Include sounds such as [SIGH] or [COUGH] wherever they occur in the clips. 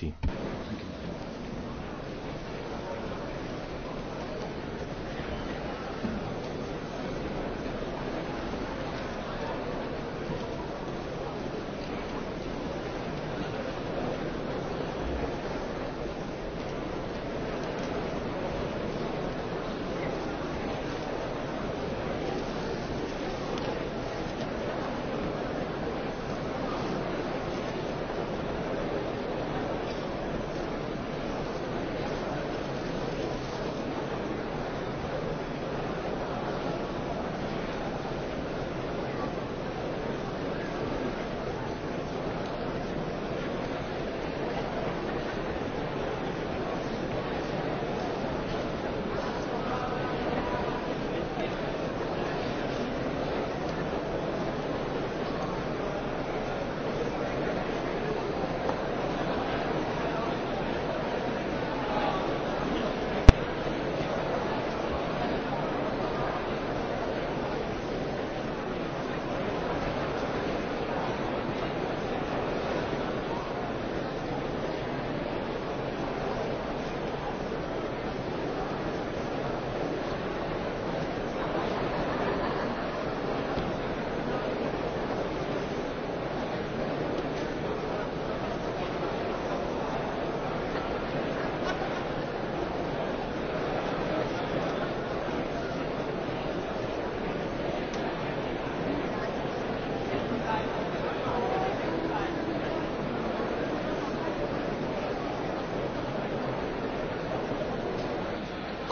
Grazzi.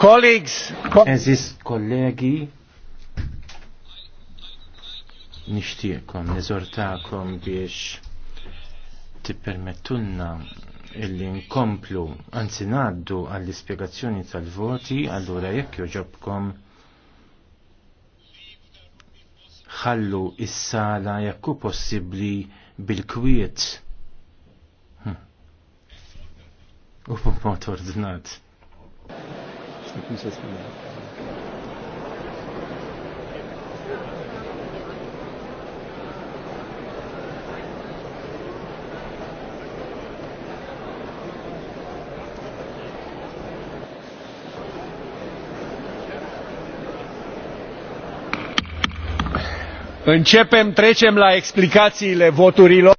Colleagues, Eżis kollegi, nishtiekom, nizortakom biex tippermettunna illi nkomplu, anzi naddu għall-ispiegazzjoni tal-voti, allura jekk joġobkom ħallu is-sala jekk hu possibbli bil-kwiet. Hm. U mod ordinat. Începem, trecem la explicațiile voturilor.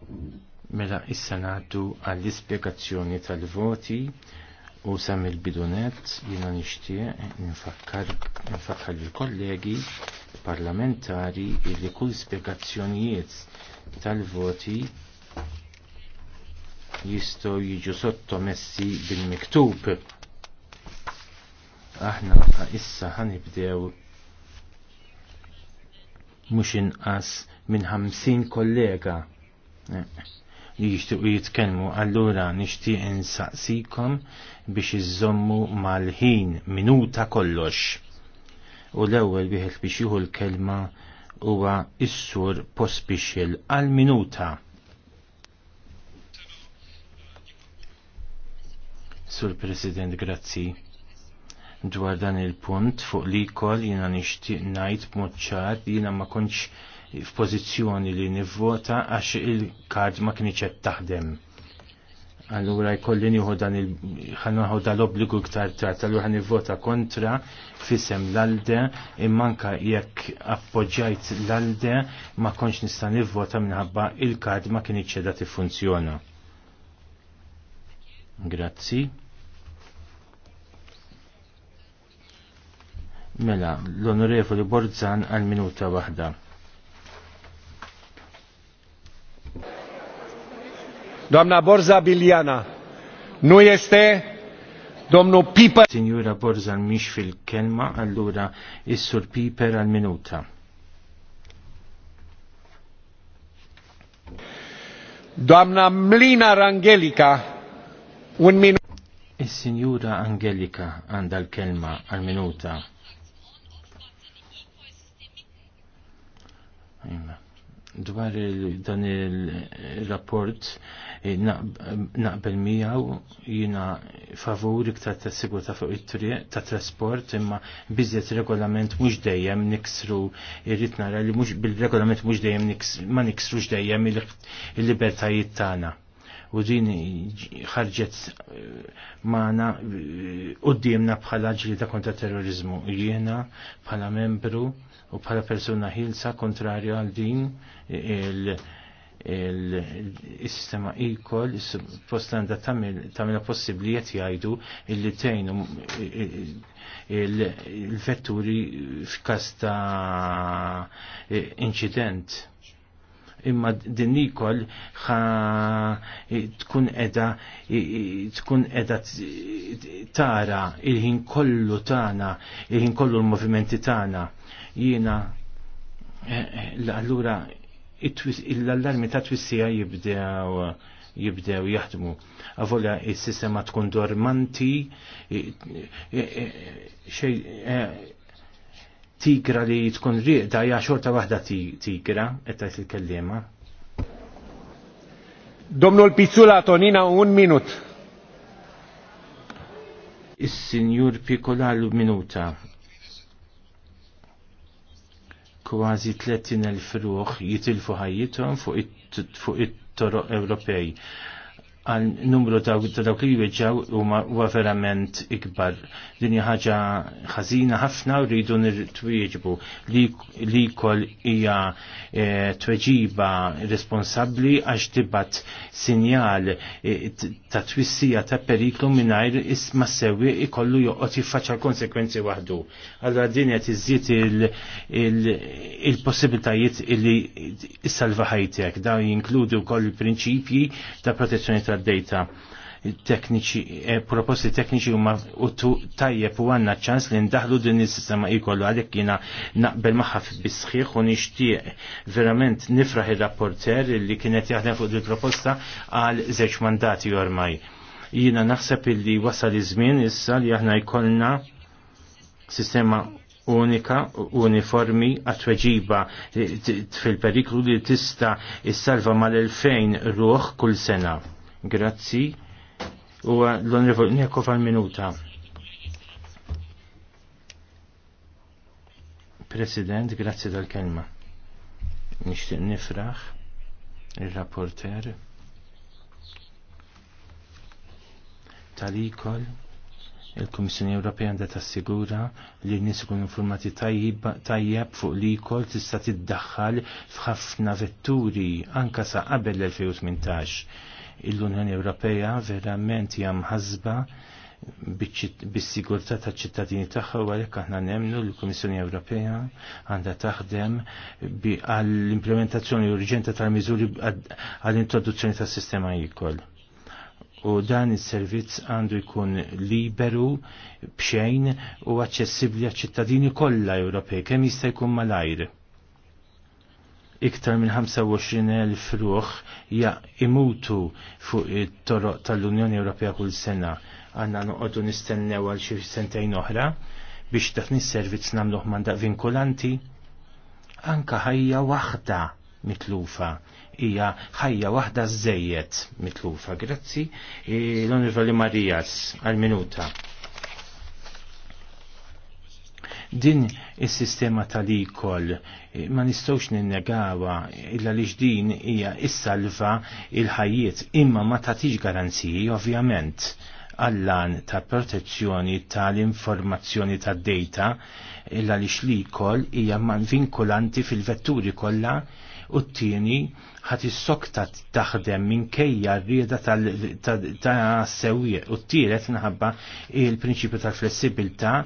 Mela issa nagħtu al ispjegazzjoni tal votii U sam il-bidunet jina nishtiq nfakkar il-kollegi parlamentari li kull spiegazzjonijiet tal-voti jistow jiġu sottomessi bil-miktub. Aħna issa ħanibdew mux inqas minn 50 kollega li jixtiequ jitkellmu allura nixtieq insaqsikom biex iżommu mal-ħin minuta kollox. U l-ewwel wieħed biex jieħu l-kelma huwa issur pospixil għal minuta. Sur President, grazzi dwar dan il-punt fuq li kol jina nishtiq najt b'mod ċar jina ma konċ f'pożizzjoni li nivvota għax il-kard ma kienx qed taħdem. Allura jkolli nieħu dan il-ħanħu dal-obbligu iktar tard, allura nivvota kontra fisem l-alde immanka jekk appoġġajt l-alde ma konx nista' nivvota minħabba il-kard ma kienx qiegħda tiffunzjona. Grazzi. Mela, l-Onorevoli Borzan għal minuta waħda. Doamna Borza Biliana, nu este domnul Piper. Signora Borza mhix fil-kelma, allora, is-sur Piper al minuta. Doamna Mlina Rangelica, un minut. is signora Angelica anda al kelma al minuta. Dwar il dan il-rapport naqbel miegħu jiena favur iktar ta' fuq it-triq ta' trasport imma biżjed regolament mhux dejjem niksru irrid nara li mhux bil-regolament mhux dejjem ma niksrux dejjem il-libertajiet tagħna u din ħarġet eh, magħna eh, u bħala ġlida kontra terrorizmu. Jiena bħala membru u bħala persona ħilsa kontrarju għal din il-sistema ikol, postanda tamila possibli jett jajdu illi tejnu il-vetturi f'kas ta' incident. Imma din ikol tkun edha tkun edha tara il-ħin kollu tana, il-ħin kollu l-movimenti tana. Jina, eh, eh, l-allura l-allarmi ta' twissija jibdew jibdew jaħdmu. Avola il-sistema tkun dormanti, xej e, tigra li tkun riqda jaxorta xorta waħda tigra, qed il-kellima. Domnul Pizzula Tonina un minut. is senjur Pikola l-minuta kważi 30.000 ruħ jitilfu ħajjithom fuq it-toroq Ewropej għal numru ta' dawk li jweġġaw huwa verament ikbar. Din hija ħaġa ħażina ħafna u rridu nirtwieġbu li kol hija eh, tweġiba responsabbli għax tibat sinjal eh, ta' twissija ta' periklu mingħajr isma sewwi ikollu joqgħod jiffaċċa konsekwenzi waħdu. Allura din qed iżjed il-possibilitajiet li salva ħajtek. Da jinkludu wkoll il-prinċipji ta' protezzjoni tal data tekniċi, e, proposti tekniċi huma u tajjeb u għanna ċans li ndaħlu din is-sistema ikollu għalhekk jiena naqbel magħha bisħiħ u nixtieq verament nifraħ ir-rapporter li kienet jaħdem fuq il proposta għal żewġ mandati ormai. Jiena naħseb illi wasal iż-żmien issa li aħna jkollna sistema unika, uniformi, għatweġiba fil-periklu li tista' is-salva mal-2000 ruħ kull sena. Grazzi. U l-Onrevol Nekov għal-minuta. President, grazzi dal-kelma. Nishtiq nifraħ il-rapporter tal-ikol il-Komissjoni Ewropea għandha tassigura li n-nies ikunu informati tajjeb fuq li jkoll tista' tiddaħħal f'ħafna vetturi anka sa qabel l-2018 l-Unjoni Ewropea verament hija mħazba bis-sigurtà taċ-ċittadini tagħha u għalhekk aħna nemnu l kummissjoni Ewropea għandha taħdem għall-implementazzjoni urġenta tal-miżuri għall-introduzzjoni tas-sistema ikoll u dan is-servizz għandu jkun liberu bxejn u aċċessibbli għaċ-ċittadini kollha Ewropej kemm jista' jkun malajr iktar minn 25.000 ruħ ja imutu fuq it-toroq tal-Unjoni Ewropea kull sena. Għanna noqogħdu nistennew għal xi sentejn oħra biex dak is-servizz nagħmluh mandat vinkolanti anka ħajja waħda mitlufa hija ħajja waħda żejjed mitlufa. Grazzi e, l-Onorevoli Marijas għal-minuta. Din is-sistema tal-ikol eh, ma nistgħux ninnegawa illa li din hija issalva il-ħajjiet imma ma tagħtix garanziji ovvjament għallan ta' protezzjoni tal-informazzjoni ta' data illa li xlikol hija man vinkolanti fil-vetturi kollha u t-tieni ħat is-sokta taħdem minkejja rieda ta' sewwieq u t-tielet naħabba il-prinċipju tal-flessibilità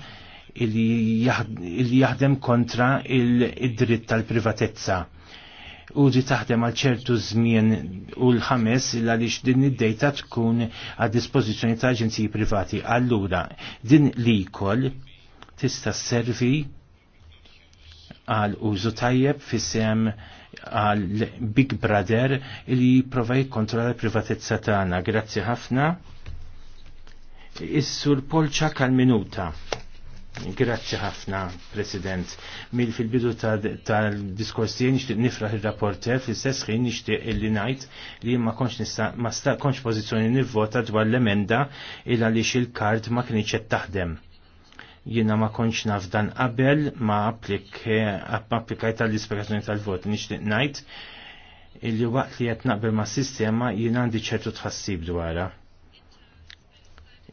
il jaħdem kontra il-dritt tal-privatezza. U di taħdem għal ċertu żmien u l-ħames għaliex din id-dejta tkun għad dispożizzjoni ta' aġenziji privati. Allura, din li kol tista' servi għal użu tajjeb fissem għal Big Brother li jipprova jikkontrolla l-privatezza tagħna. Grazzi ħafna. Is-sur Polċa kal-minuta. Grazzi ħafna, President. Mill fil-bidu tal-diskors tiegħi nixtieq nifraħ ir-rapporter fl-istess ħin nixtieq illi ngħid li ma konx nista' ma sta konx pożizzjoni nivvota dwar l-emenda il għaliex il-kard ma kienx qed taħdem. Jiena ma konx naf dan qabel ma applik applikajt tal-ispjegazzjoni tal-vot nixtieq ngħid illi waqt li qed naqbel ma' sistema jien għandi ċertu tħassib dwarha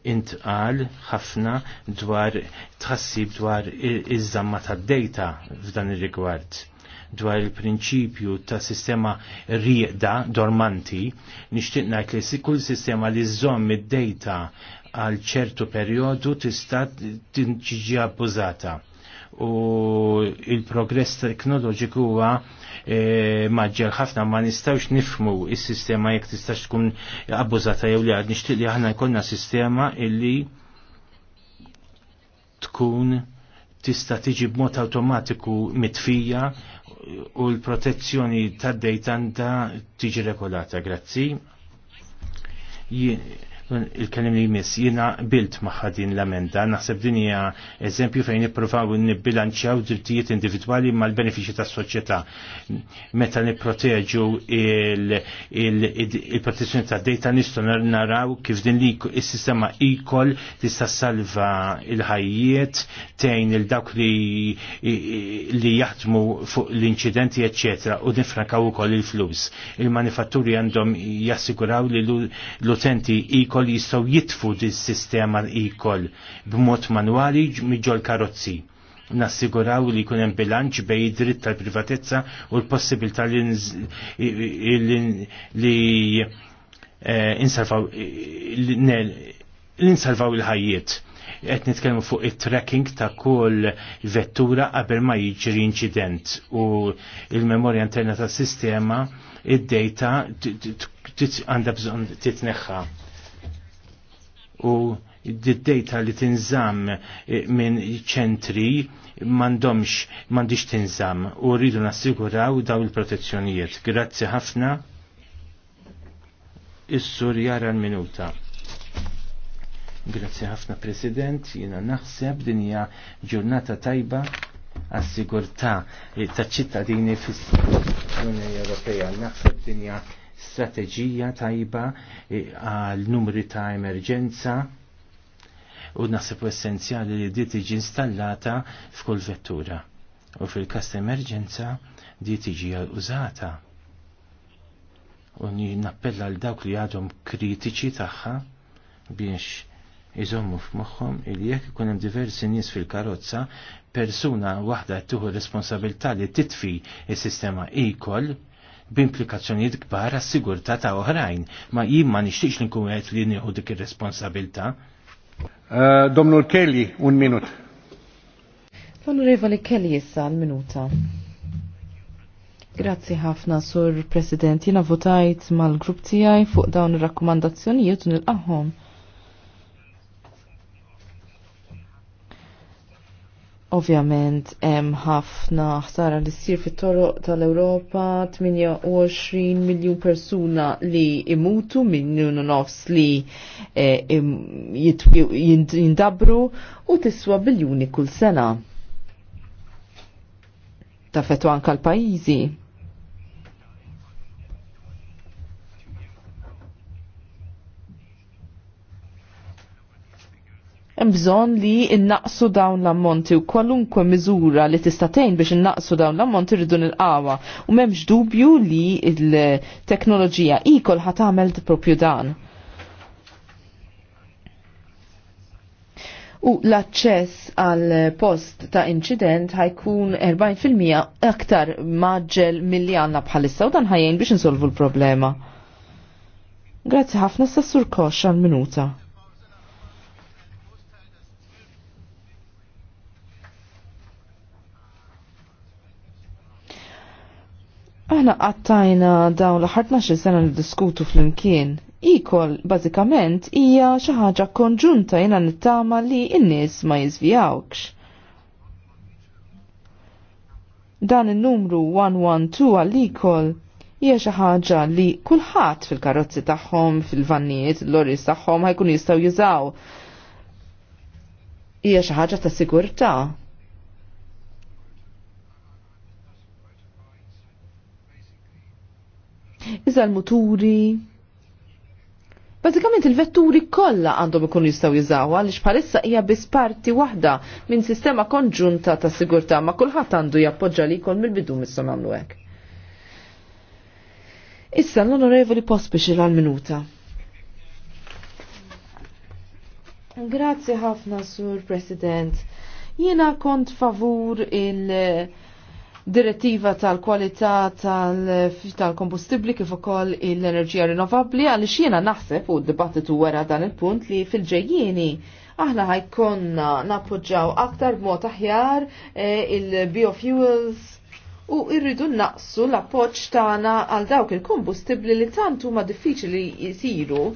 intqal ħafna dwar tħassib dwar iż-żamma tad-dejta f'dan ir-rigward dwar il-prinċipju ta' sistema rieda dormanti, nixtieq ngħid li kull sistema li żomm id-dejta għal ċertu perjodu tista' tiġi abbużata. U il-progress teknoloġiku huwa E, maġġel ħafna ma nistawx nifmu il sistema jekk tistax tkun abbużata jew li għad nixtieq li aħna jkollna sistema illi tkun tista' tiġi b'mod awtomatiku mitfija u l-protezzjoni tad-dejtanta tiġi regolata. Grazzi il-kelim li jmiss, jina bilt maħħadin l-amenda, naħseb din hija eżempju fejn nippruvaw nibbilanċjaw drittijiet individwali mal-benefiċi tas-soċjetà. Meta nipproteġu il-protezzjoni tad data nistgħu naraw kif din li is-sistema ikol tista' salva il-ħajjiet tejn il dawk li li jaħdmu fuq l-inċidenti eċċetera u nifrankaw ukoll il-flus. Il-manifatturi għandhom jassiguraw li l-utenti ikol ikoll jistgħu jitfu dis sistema ikol b'mod manwali miġol karozzi. Nassiguraw li jkun hemm bilanċ bej dritt tal-privatezza u l-possibilità li, li insalvaw l il-ħajjiet. Qed nitkellmu fuq it-tracking ta' kull vettura qabel ma jiġri incident u il-memorja interna tas sistema id-data għandha bżonn titneħħa u d-data li tinżam eh, minn ċentri mandomx mandiċ tinżam u rridu nassiguraw daw il-protezzjonijiet. Grazzi ħafna. Is-sur jara l-minuta. Grazzi ħafna President, jiena naħseb din hija ġurnata tajba għas-sigurtà taċ-ċittadini fis-Unjoni Ewropea. Naħseb din hija strateġija tajba e, għal numri ta' emerġenza u nasib essenzjali li di tiġi installata f'kull vettura u fil-kas ta' emerġenza di tiġi użata u nappella l dawk li għadhom kritiċi tagħha biex iżommu f'moħħom li jekk ikun hemm diversi nies fil-karozza, persuna waħda tuħu responsabilità li titfi s-sistema ikoll. e b'implikazzjonijiet kbar għas-sigurtà ta' oħrajn, ma jien ma nixtiex li nkun qed li nieħu dik ir-responsabilità. Eh, Domnul Kelly, un minut. L-Onorevoli Kelly issa l-minuta. Grazzi ħafna, Sur President. Jina votajt mal-grupp tijaj fuq dawn ir rakkomandazzjonijiet u nil Ovvjament hemm ħafna ħsara li ssir fit-toroq tal-Ewropa 28 miljun persuna li imutu miljun nofs li eh, jindabru u tiswa biljuni kull sena. Tafetu anka l-pajjiżi bżon li innaqsu dawn l-ammonti u kwalunkwe miżura li tistatejn biex innaqsu dawn l-ammonti rridu nil-qawa u memx dubju li il-teknoloġija ikol għamel propju dan. U l-access għal post ta' incident ħajkun 40% aktar maġġel milli għanna bħalissa u dan ħajjen biex insolvu l-problema. Grazzi ħafna s-sassur kox għal minuta. Aħna qattajna dawn l-ħartna xi sena niddiskutu fl-imkien. Ikol, bażikament, hija xi ħaġa konġunta jiena nittama li n-nies ma jizvijawx. Dan in-numru 112 għal-ikol hija xi ħaġa li kulħadd fil-karozzi tagħhom, fil vanniet l-loris tagħhom ħajkun jistgħu jużaw. Hija xi ħaġa ta' sigurtà. iżal l-muturi. Bazzikament il-vetturi kollha għandhom ikun jistgħu jużawha għaliex bħalissa hija bis parti waħda minn sistema konġunta ta' sigurtà ma' kulħadd għandu jappoġġa li jkun mill-bidu mis-sum għamlu hekk. Issa l-onorevoli il għal-minuta. Grazzi ħafna, Sur President. Jiena kont favur il- direttiva tal-kwalità tal-kombustibli kif ukoll l-enerġija rinnovabbli għaliex jiena naħseb u d-dibattitu wara dan il-punt li fil-ġejjieni aħna ħajkonna nappoġġaw aktar b'mod aħjar eh, il-biofuels u irridu naqsu l-appoġġ tagħna għal dawk il-kombustibli li tant huma diffiċli jisiru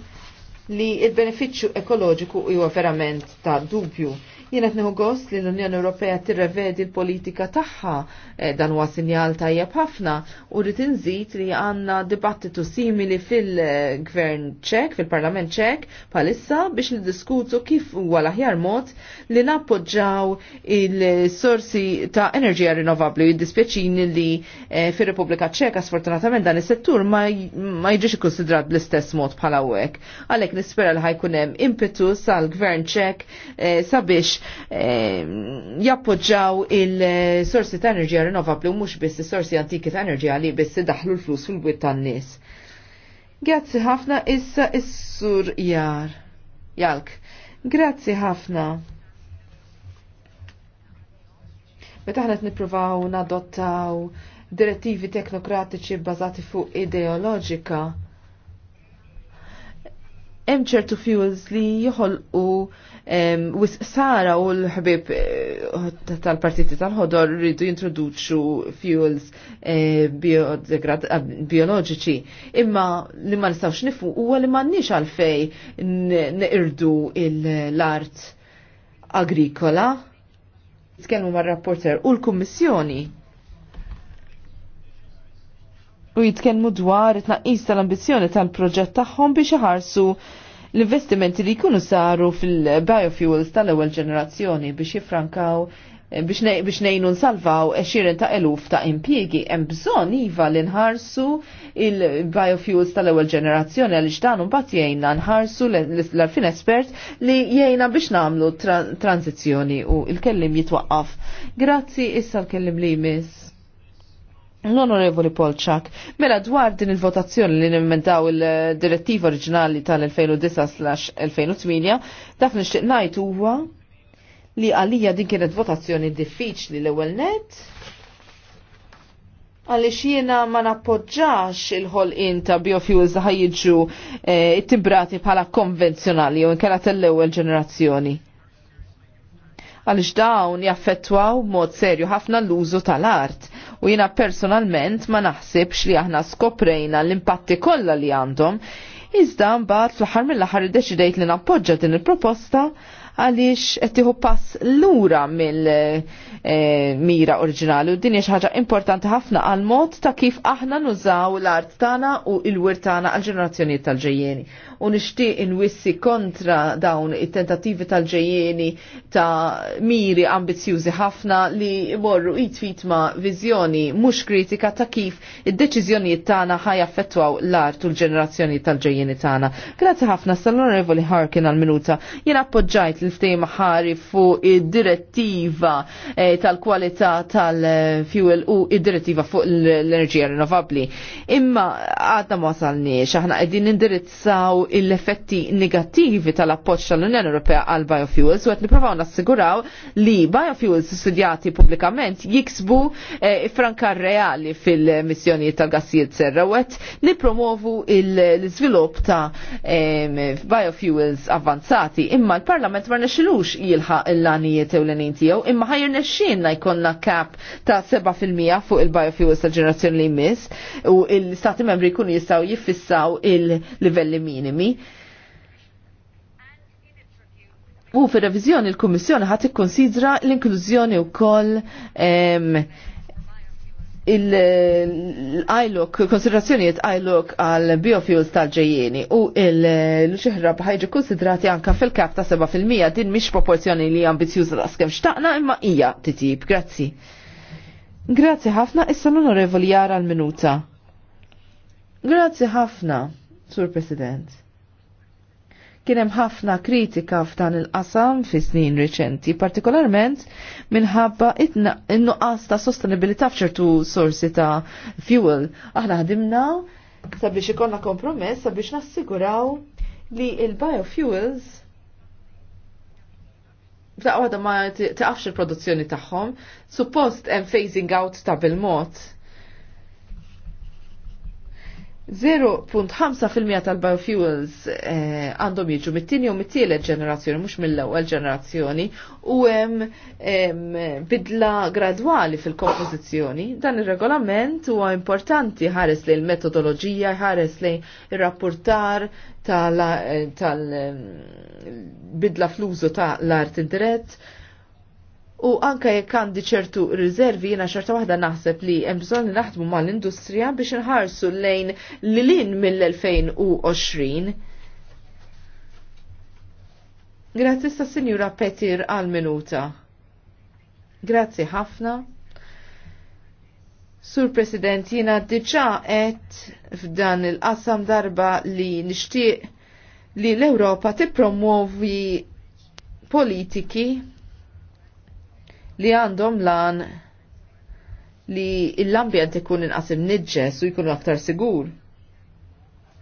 li il-benefiċċju ekoloġiku huwa verament ta' dubju Jienet neħu gost li l-Unjoni Ewropea tirrevedi l-politika tagħha e, dan huwa sinjal tajjeb ħafna u rrid inżid li għandna dibattitu simili fil-Gvern Ċek, fil-Parlament Ċek, palissa biex niddiskutu kif huwa l-aħjar mod li nappoġġaw il-sorsi ta' enerġija rinnovabbli u jiddispjaċini li e, fir-Repubblika Ċeka sfortunatament dan is-settur ma jiġix ikkonsidrat bl-istess mod bħala hekk. Għalhekk nispera li ħajkun hemm impetus għall-Gvern Ċek e, sabiex Eh, jappoġġaw il-sorsi ta' enerġija rinnovabli u mhux biss sorsi antiki ta' enerġija li biss daħlu l-flus fil-bwiet tan-nies. Grazzi ħafna issa is-sur jar. Jalk. Grazzi ħafna. Meta ħanet nippruvaw nadottaw direttivi teknokratiċi bbażati fuq ideoloġika, hemm ċertu fuels li joħolqu wis Sara u l-ħbib eh, tal-partiti tal-ħodor rridu jintroduċu fuels eh, eh, bioloġiċi. Imma li ma nistawx nifu huwa li m'għandniex għalfej nirdu l-art agrikola. Tkellmu mar-rapporter u l-Kummissjoni u jitkellmu dwar it naqis tal-ambizzjoni tal-proġett tagħhom biex iħarsu l-investimenti li jkunu saru fil-biofuels tal-ewwel ġenerazzjoni biex jifrankaw eh, biex nejnu nsalvaw eċirin ta' eluf ta' impjiegi hemm bżonn iva li nħarsu il-biofuels tal-ewwel ġenerazzjoni għaliex dan mbagħad jgħinna nħarsu l-arfin espert li jgħinna biex nagħmlu tranzizzjoni u l-kellim jitwaqqaf. Grazzi issa l-kellim li jmiss. L-Onorevoli Polċak, mela dwar din il-votazzjoni li nimmendaw il-direttiva oriġinali tal-2009-2008, daf nixtieq ngħid huwa li għalija din kienet votazzjoni diffiċli l-ewwel net għalli jiena ma nappoġġax il ħol ta' biofuels ħajġu eh, it tibrati bħala konvenzjonali u nkela tal-ewwel ġenerazzjoni. Għalix dawn jaffettwaw mod serju ħafna l-użu tal-art u jina personalment ma naħsibx li aħna skoprejna l-impatti kollha li għandhom, iżda mbagħad fl-aħħar mill-aħħar iddeċidejt li nappoġġa din il-proposta għaliex qed tieħu pass lura mill-mira eh, oriġinali u din hija ħaġa importanti ħafna għal mod ta' kif aħna nużaw l-art tagħna u l wirtana tagħna għal ġenerazzjonijiet tal-ġejjeni u nixtieq inwissi kontra dawn it-tentattivi tal-ġejjeni ta' miri ambizjużi ħafna li morru jitfit ma' viżjoni mhux kritika ta' kif id-deċiżjonijiet tagħna affettwaw l-art u l-ġenerazzjoni tal-ġejjeni tagħna. Grazzi ħafna sal-Onorevoli Harkin għal-minuta. Jien appoġġajt l-ftehim ħari fuq id-direttiva eh, tal-kwalità tal-fuel u id-direttiva fuq l-enerġija rinnovabbli. Imma għadna ma salni aħna qegħdin indirizzaw l-effetti negattivi tal-appoċ tal-Unjoni Ewropea għal biofuels u għet niprofaw nassiguraw li biofuels studjati publikament jiksbu eh, franka frankar reali fil-missjoni tal-gassijiet serra u għet nipromovu l-izvilup ta' biofuels avanzati imma l-Parlament ma rnexxilux jilħaq l-lanijiet ewlenin tiegħu imma ħajr nexxinna jkollna kap ta' 7% fuq il-biofuels tal-ġenerazzjoni li jmiss u l-Stati membri jkunu jistgħu jiffissaw il-livelli minimi problemi. U fir revizjoni l-Kummissjoni ħadd ikkonsidra l-inklużjoni wkoll il-ILOC, konsiderazzjoniet ILOC għal biofuels tal-ġejjeni u l-xihrab ħajġu konsidrati anka fil-kap ta' 7% din miex proporzjoni li ambizjuza ta' askem xtaqna imma ija titib, grazzi. Grazzi ħafna, issa l-onorevoli jara l-minuta. Grazzi ħafna, Sur President. Kien hemm ħafna kritika f'dan il-qasam fi snin reċenti, partikolarment minħabba in-nuqqas ta' sostenibilità f'ċertu sorsi ta' fuel. Aħna ħadimna sabiex ikollna kompromess sabiex nassiguraw li il-biofuels f'daqqa ma taqafx il-produzzjoni tagħhom, suppost hemm phasing out ta' bil-mod 0.5% tal-biofuels eh, għandhom jiġu mit tini u mit-tielet ġenerazzjoni, mhux mill-ewwel ġenerazzjoni, u hemm bidla gradwali fil-kompożizzjoni. Dan ir-regolament huwa importanti ħares lejn metodoloġija, ħares lejn ir-rapportar tal-bidla eh, eh, fl-użu tal art indirett, U anka jekk għandi ċertu riservi jiena ċerta waħda naħseb li hemm bżonn naħdmu mal-industrija biex nħarsu lejn l-lin mill-2020. Grazzi sta' Sinjura Petir għal minuta. Grazzi ħafna. Sur President, jiena diġà għet f'dan il-qasam darba li nixtieq li l-Ewropa tippromuovi politiki li għandhom lan li l-ambjent ikun inqasim nidġes u jkunu aktar sigur.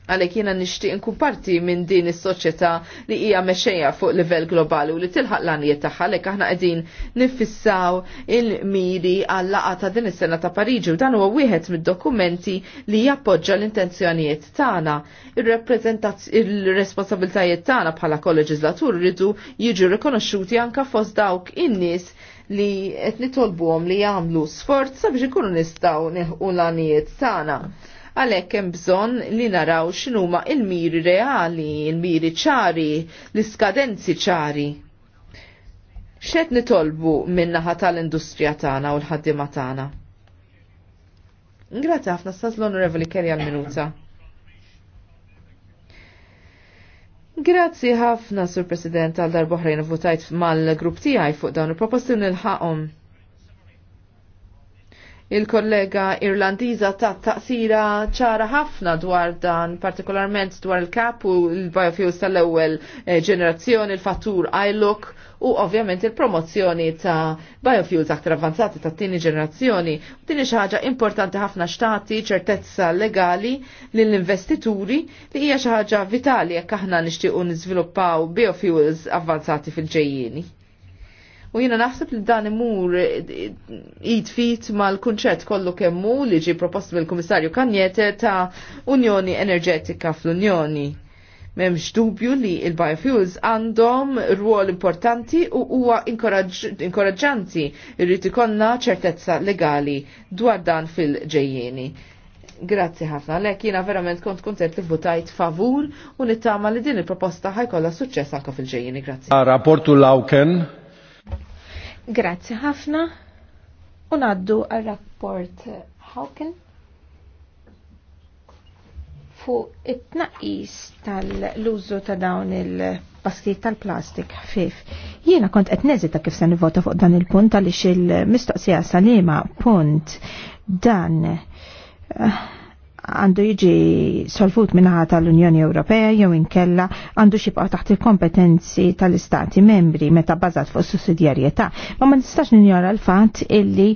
Għalek jena nishtiq nkun parti minn din is soċjetà li hija mexejja fuq livell globali u li tilħaq l-għanijiet tagħha għalhekk aħna qegħdin niffissaw il-miri għal laqa' ta' din is-sena ta' Pariġi u dan huwa wieħed mid-dokumenti li jappoġġa l-intenzjonijiet tagħna. Ir-responsabiltajiet tagħna bħala kolleġislatur rridu jiġu rikonoxxuti anke fost dawk in-nies li qed nitolbuhom li jagħmlu sforz sabiex ikunu nistgħu neħqu l-għanijiet tagħna. Għalhekk hemm bżonn li naraw x'inhuma l miri reali, l miri ċari, l-iskadenzi ċari. X'qed nitolbu min-naħa tal-industrija tagħna u l-ħaddiema tagħna? Ingrazzi ħafna stas l-Onorevoli Kerja l minuta Grazzi ħafna, Sur President, għal darboħrejn votajt mal-grupp tiegħi fuq dawn il-proposti nilħaqhom. Il-kollega Irlandiża ta' taqsira ċara ħafna dwar dan, partikolarment dwar il-kap u l-biofuels tal-ewwel eh, ġenerazzjoni, il-fattur ILOC u ovvjament il-promozzjoni ta' biofuels aktar avanzati ta' tini ġenerazzjoni. U tini xaħġa importanti ħafna xtati ċertezza legali lill-investituri li hija xi ħaġa vitali jekk aħna nixtiequ niżviluppaw biofuels avanzati fil ġejjini U jina naħseb li dan imur id-fit mal-kunċett kollu kemmu li ġi propost mill-Komissarju Kanjete ta' Unjoni Enerġetika fl-Unjoni. Memx dubju li il-biofuels għandhom ruol importanti u huwa inkoraġġanti irrid ikollna ċertezza legali dwar dan fil ġejjieni Grazzi ħafna, lek jina verament kont kontent li votajt favur u nittama li din il-proposta ħajkolla suċċess anka fil-ġejjeni. Grazzi. Rapportu Lawken. Grazzi ħafna. Unaddu għal-rapport Hawken fuq it-tnaqqis tal lużu ta' dawn il-pastijiet tal-plastik ħfif. Jiena kont qed neżita kif se nivota fuq dan il-punt għaliex il-mistoqsija salima punt dan eh, għandu jiġi solvut minnaħa tal-Unjoni Ewropea jew inkella għandu xibqa taħt il-kompetenzi tal-istati membri meta bazat fuq sussidjarjetà. Ma ma nistax ninjora l-fatt illi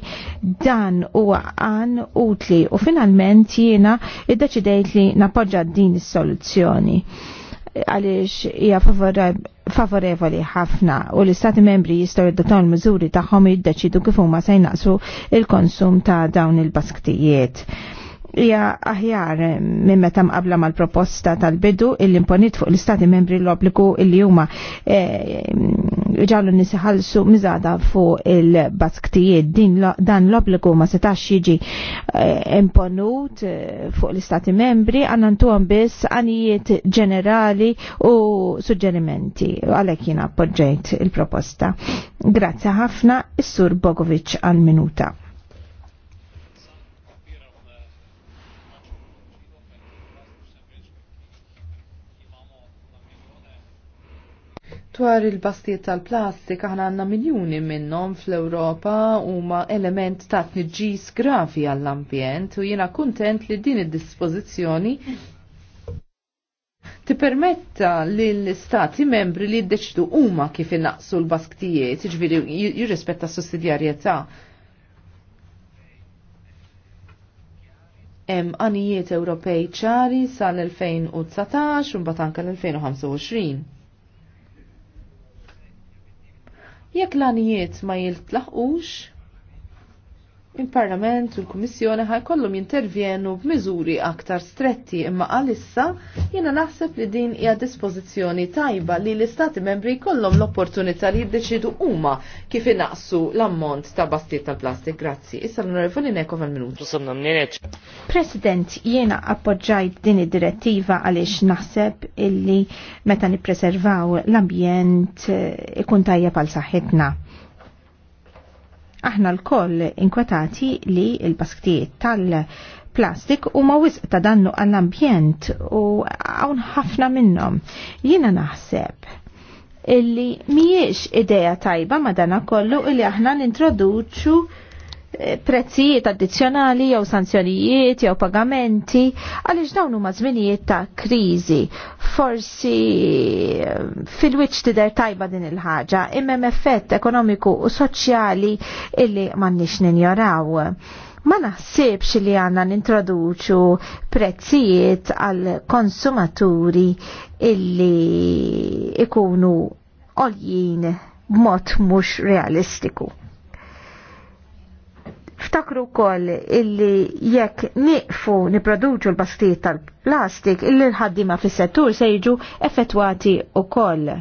dan huwa għan utli u finalment jiena iddeċidejt li napoġġa din is-soluzzjoni għaliex hija favorevoli ħafna u l-istati membri jistgħu jiddataw l-miżuri tagħhom jiddeċidu kif huma se jnaqsu il-konsum ta' dawn il-basktijiet hija aħjar minn meta mqabla mal-proposta tal-bidu illi imponit fuq l-istati membri l-obbligu illi huma e, ġallu nisiħalsu mizada fuq il-basktijiet dan l-obbligu ma setax jiġi e, imponut e, fuq l-istati membri għanna ntuhom biss għanijiet ġenerali u suġġerimenti għalhekk jina appoġġejt il-proposta. Grazzi ħafna is-Sur Bogovic għal-minuta. Dwar il-bastiet tal-plastik aħna għandna miljuni minnhom fl-Ewropa huma element ta' tniġġis gravi għall-ambjent u jiena kuntent li din id-dispożizzjoni tippermetta li l-istati membri li jiddeċdu huma kif innaqsu l-basktijiet, jiġifieri jirrispetta s-sussidjarjetà. Hemm għanijiet Ewropej ċari sal-2019 u mbagħad anke l-2025 Jekk l-anijiet ma jiltlaħqux, il-Parlament u l-Kummissjoni ħajkollhom jintervjenu b'miżuri aktar stretti imma għalissa jiena naħseb li din hija dispożizzjoni tajba li l-Istati membri jkollhom l-opportunità li jiddeċidu huma kif inaqsu l-ammont ta' bastiet tal-plastik. Grazzi. Issa l-Onorevoli Neko għal-minutu. President, jiena appoġġajt din id-direttiva għaliex naħseb illi meta nippreservaw l-ambjent eh, ikun tajjeb għal saħħitna Aħna l-koll inkwetati li il-basktijiet tal-plastik u ma wisq ta' dannu għall-ambjent u għawn ħafna minnom. Jina naħseb illi miex ideja tajba dana kollu illi aħna nintroduċu prezzijiet addizzjonali jew sanzjonijiet jew pagamenti għaliex dawn huma żminijiet ta' kriżi. Forsi eh, fil-wiċċ tidher tajba din il-ħaġa imma hemm effett ekonomiku u soċjali illi m'għandniex ninjoraw. Ma naħsibx li għanna nintroduċu prezzijiet għal konsumaturi illi ikunu oljin b'mod mhux realistiku. Ftakru koll illi jekk niqfu niproduċu l-bastijiet tal-plastik illi l-ħaddima fis settur se jiġu effettwati u koll.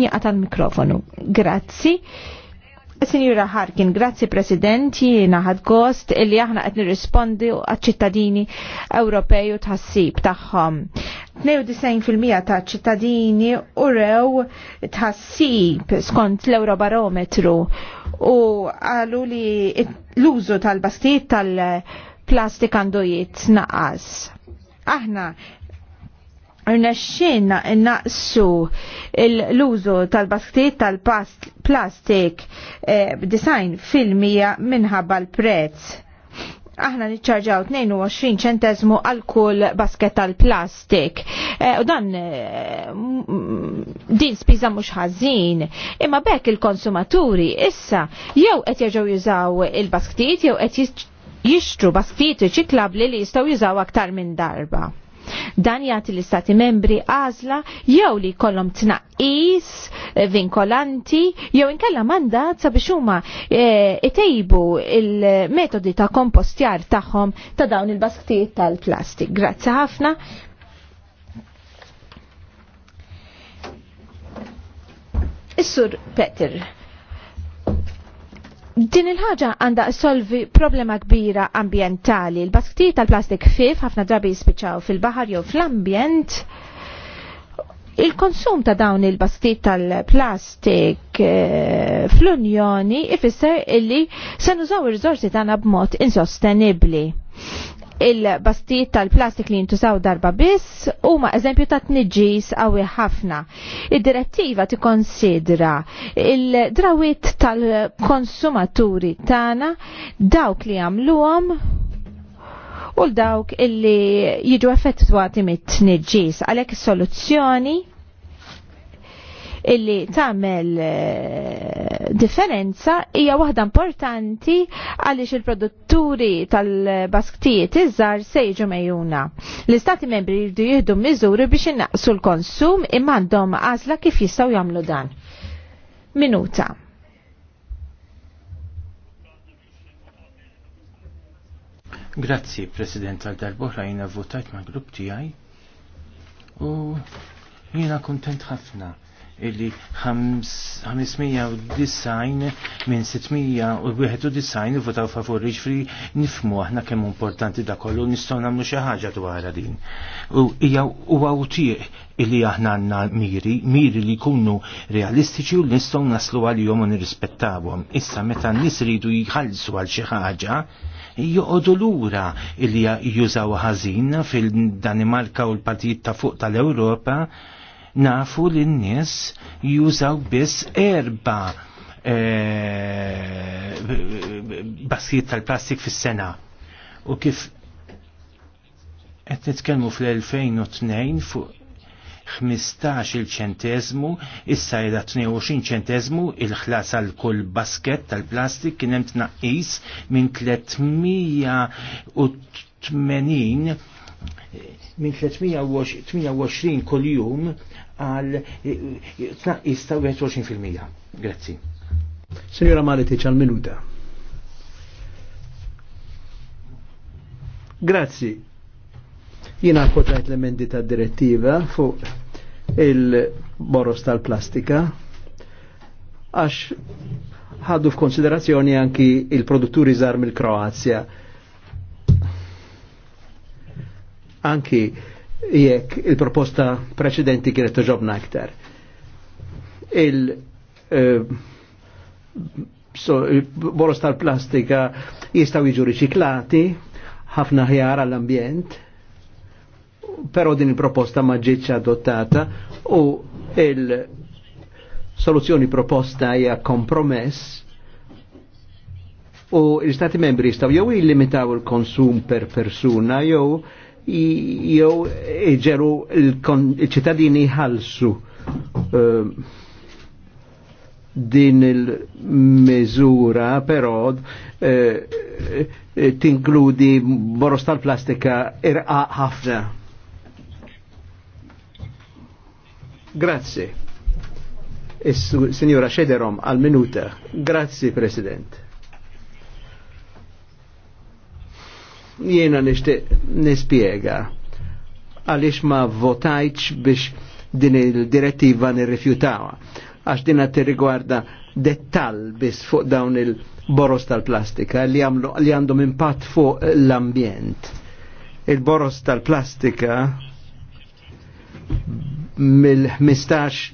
Mjaqa tal-mikrofonu. Grazzi. Signora Harkin, grazie President, jiena ħad gost illi aħna qed nirrispondi għaċ-ċittadini Ewropej u tħassib tagħhom. 92% ta' ċittadini u rew tħassib skont l-Eurobarometru u qalu li l-użu tal bastiet tal-plastik għandu jitnaqas. Aħna rnexxinna innaqsu l-użu tal-basktiet tal-plastik eh, design fil-mija minħabba l-prezz. Aħna niċċarġaw 22 ċentesmu għal kull basket tal-plastik. Eh, u dan eh, din spiża mhux ħażin, imma bekk il-konsumaturi issa jew qed jerġgħu jużaw il-basktiet jew qed jixtru basktiet riċiklabli li jistgħu jużaw aktar minn darba. Dan jagħti l-Istati membri għażla jew li jkollhom tnaqqis vinkolanti jew inkella mandat sabiex huma eh, itejbu il-metodi ta' kompostjar tagħhom ta' dawn il-basktijiet tal-plastik. Grazzi ħafna. Is-Sur Peter. Din il-ħaġa għanda solvi problema kbira ambientali. il basktij tal-plastik fif ħafna drabi jispiċaw fil-bahar jew fl-ambjent. Il-konsum ta' dawn il-baskti tal-plastik e, fl-Unjoni ifisser illi se nużaw ir-riżorsi tagħna b'mod insostenibbli il-bastijiet tal-plastik li jintużaw darba biss huma eżempju ta' tniġġis qawwi ħafna. Id-direttiva tikkonsidra il-drawit tal-konsumaturi tagħna dawk li jagħmluhom u l-dawk illi jiġu effettwati mit-tniġġis għalhekk is-soluzzjoni illi tagħmel eh, differenza hija waħda importanti għaliex il-produtturi tal-basktijiet iżgħar se jiġu mejjuna. L-Istati membri jridu jieħdu miżuri biex innaqsu l-konsum imma għandhom għażla kif jistgħu jagħmlu dan. Minuta. Grazzi, President għal darbohra jina votajt ma' grupp tijaj u jina kontent ħafna illi 590 minn 691 votaw favur ġifri nifmu aħna kemm importanti da kollu nistgħu nagħmlu xi ħaġa dwar din. U hija huwa utieq illi aħna għandna miri, miri li jkunu realistiċi u nistgħu naslu għalihom u nirrispettawhom. Issa meta n-nies iridu jħallsu għal xi ħaġa, joqodu lura illi jużaw ħażin fil-Danimarka u l-partijiet ta' fuq tal-Ewropa nafu li n-nies jużaw biss erba eh, baskiet tal-plastik fis-sena. U kif qed nitkellmu fl-2002 fuq 15 il ċentezmu, issa jeda 22 ċentezmu il-ħlas għal kull basket tal-plastik kien hemm tnaqqis minn 380 minn 328 kull jum għal tnaqqis ta' 20%. Grazzi. Signora Maleti ċal minuta. Grazzi. Jina kotajt l-emendi ta' direttiva fuq il-boros tal-plastika għax ħaddu f'konsiderazzjoni anki il-produtturi żar mill-Kroazja. Anki jekk il-proposta preċedenti kienet toġobna aktar. Il- eh, so, boros tal-plastika jistaw jiġu riċiklati, ħafna ħjar għall-ambjent, però din il-proposta ma ġietx adottata u il-soluzzjoni proposta hija kompromess u l-Stati membri jistaw jew illimitaw il-konsum per persuna jew jew iġeru il-ċittadini ħalsu ehm, din il mezura però eh, tinkludi boros tal-plastika irqa ħafna. Grazie. Signora Xederom, al minuta. Grazie, Presidente. Jiena nixtieq nispjega għaliex ma votajċ biex din il-direttiva nirrifjutawa għax dina t-riguarda dettal biss fuq dawn il-boros tal-plastika li għandhom impatt fuq l-ambjent. Il-boros tal-plastika mill-15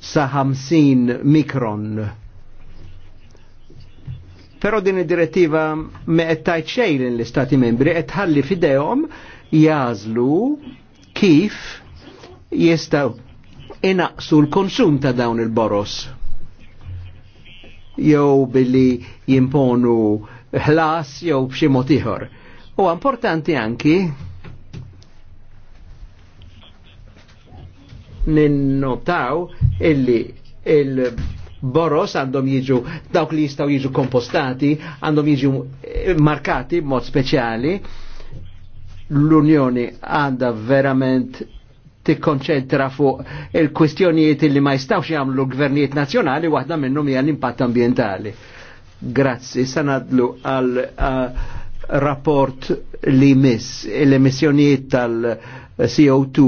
sa 50 mikron Pero din id-direttiva me qed tajt xejn l-Istati membri qed ħalli fidejhom jażlu kif jistgħu inaqsu l-konsum ta' dawn il-boros. Jew billi jimponu ħlas jew b'xi mod ieħor. U importanti anki ninnotaw illi il- boros għandhom jiġu dawk li jistaw jiġu kompostati, għandhom jiġu markati mod speċjali. L-Unjoni għandha verament tikkonċentra fuq il-kwistjonijiet li ma jistawx jagħmlu gvernijiet nazzjonali waħda minnhom hija l-impatt ambientali. Grazzi, sanadlu għal uh, rapport li miss l-emissjonijiet tal-CO2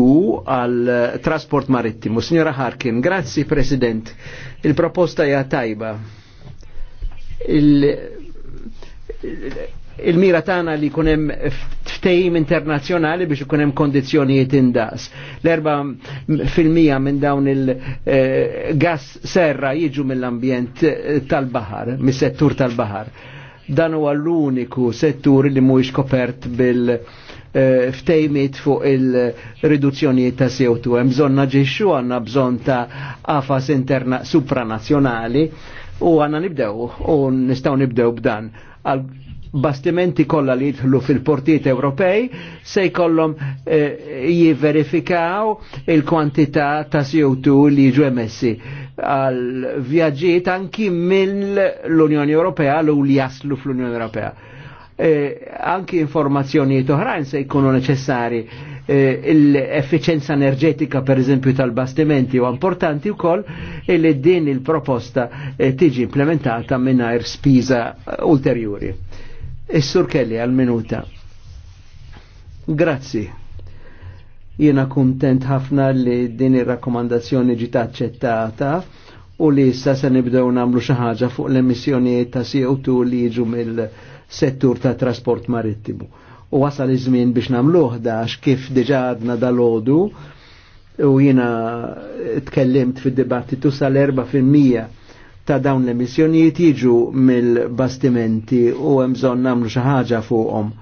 għal trasport marittimu. Signora Harkin, grazzi President. Il-proposta hija tajba. Il-mira il tagħna li kunem ftejim internazzjonali biex ikun hemm kondizzjonijiet L-erba fil-mija minn dawn il-gas eh, serra jiġu mill-ambjent eh, tal bahar mis-settur tal-baħar dan huwa l-uniku settur li mhuwiex kopert bil- eh, ftejmit fuq il-riduzzjoni ta' CO2. Hemm bżonn naġixxu għandna bżonn ta' afas interna supranazzjonali u għanna nibdew u nistgħu nibdew b'dan għal bastimenti kollha li jidħlu fil-portijiet Ewropej se jkollhom eh, jiverifikaw il-kwantità ta' CO2 li jiġu emessi għal vjaġġiet anki mill-Unjoni Ewropea l li jaslu fl-Unjoni Ewropea. E, anki informazzjonijiet oħrajn se jkunu neċessari e, l-efficienza enerġetika per eżempju tal-bastimenti u importanti u koll il din il-proposta e, tiġi implementata minnajr spiża ulterjuri. Is-sur Kelly għal-minuta. Grazie. Jiena kuntent ħafna li din ir-rakkomandazzjoni ġiet aċċettata u li issa se nibdew nagħmlu xi ħaġa fuq l-emissjonijiet ta' CO2 li jiġu mill-settur ta' trasport marittimu. U wasal iż-żmien biex nagħmluh dax kif diġà għadna dal-għodu u jiena tkellimt fid-dibattitu sal-4 ta' dawn l-emissjonijiet jiġu mill-bastimenti u hemm bżonn nagħmlu xi ħaġa fuqhom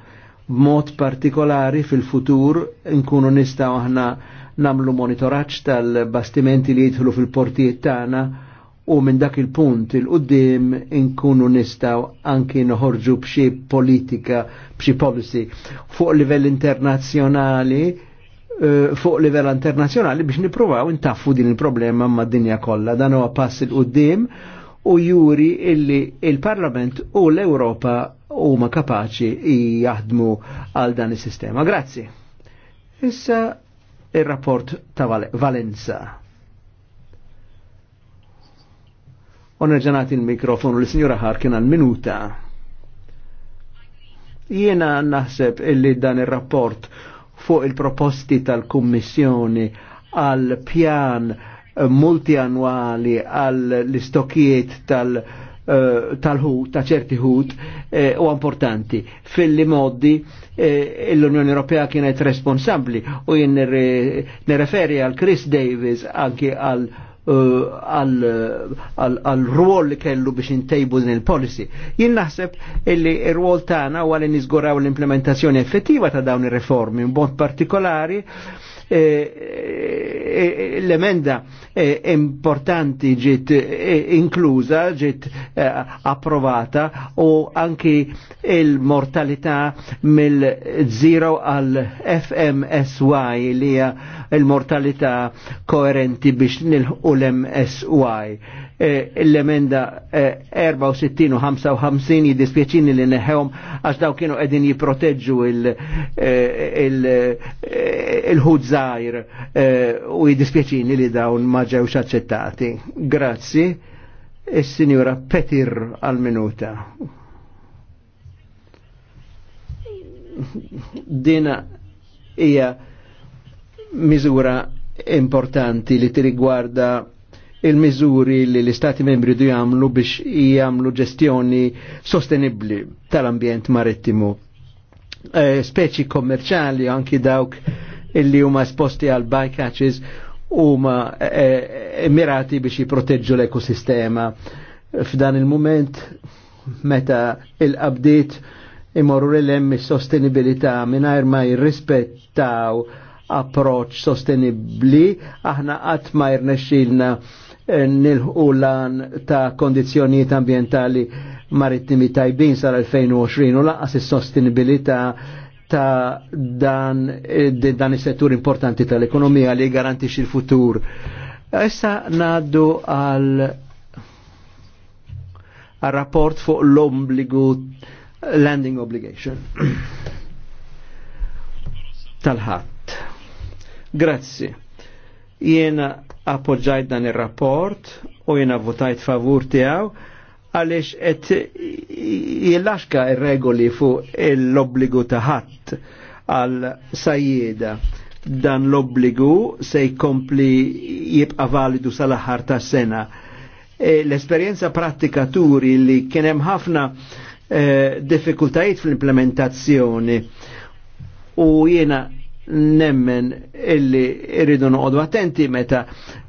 b'mod partikolari fil-futur nkunu nistaw aħna namlu monitoraċ tal-bastimenti li jidħlu fil-portijiet tagħna u minn dak il-punt il-qoddim nkunu nistaw anki noħorġu b'xi politika, b'xi policy fuq livell internazzjonali eh, fuq livell internazzjonali biex nipruvaw intaffu din il-problema ma' dinja kollha. Dan huwa pass il-qoddim u juri illi il-Parlament u l-Europa huma kapaċi jaħdmu għal dan is-sistema. Grazzi. Issa il-rapport ta' Valenza. Onerġanati il-mikrofonu li signora Harkin għal-minuta. Jiena naħseb illi dan il-rapport fuq il-proposti tal kommissjoni għal pjan multianwali għal l-istokijiet tal- eh, tal-ħut, ta' ċerti ħut, eh, u importanti. Filli moddi eh, l-Unjoni Ewropea kienet responsabli u jien nirreferi għal Chris Davis anki għal għal ruol li kellu biex intejbu din il-policy. Jien naħseb illi ir-ruol tagħna huwa li niżguraw l-implementazzjoni effettiva ta' dawn ir-reformi, b'mod partikolari Eh, eh, eh, l-emenda importanti ġiet inkluża, ġiet approvata u anki il-mortalità mill-0 għal FMSY li il-mortalità koerenti biex nil msy Eh, l-emenda 64 eh, u 55 jidispieċini li neħħom għax daw kienu għedin jiproteġu il eh, ħudżajr u jidispieċini li dawn maġewx accettati. Grazzi, il-Sinjura Petir għal-minuta. Dina hija miżura importanti li tirigwarda il-miżuri li l-Istati membri du jagħmlu biex jagħmlu ġestjoni sostenibbli tal-ambjent marittimu. E, speċi kommerċali anki dawk illi huma esposti għal bycatches huma e, mirati biex jipproteġġu l-ekosistema. F'dan il-moment meta il abdit imorru l emmi sostenibilità minnajr ma jirrispettaw approċ sostenibli, aħna qatt ma jirnexxilna nilħu lan ta' kondizjonijiet ambientali marittimi tajbin sal-2020 u laqas is-sostenibilità ta' dan, dan is-settur importanti tal-ekonomija li garantix il-futur. Issa naddu għal għal rapport fuq l-obbligu landing obligation [CLEARS THROAT] tal-ħadd. Grazzi. Jena appoġġajt dan ir-rapport u jiena votajt favur tiegħu għaliex qed jillaxka il regoli fuq l-obbligu ta' ħadd għal sajjida dan l-obbligu se jkompli jibqa' validu sal-aħħar ta' sena E, L-esperjenza pratika turi li kien hemm ħafna e, diffikultajiet fl-implementazzjoni u jiena nemmen illi irridu noqogħdu attenti meta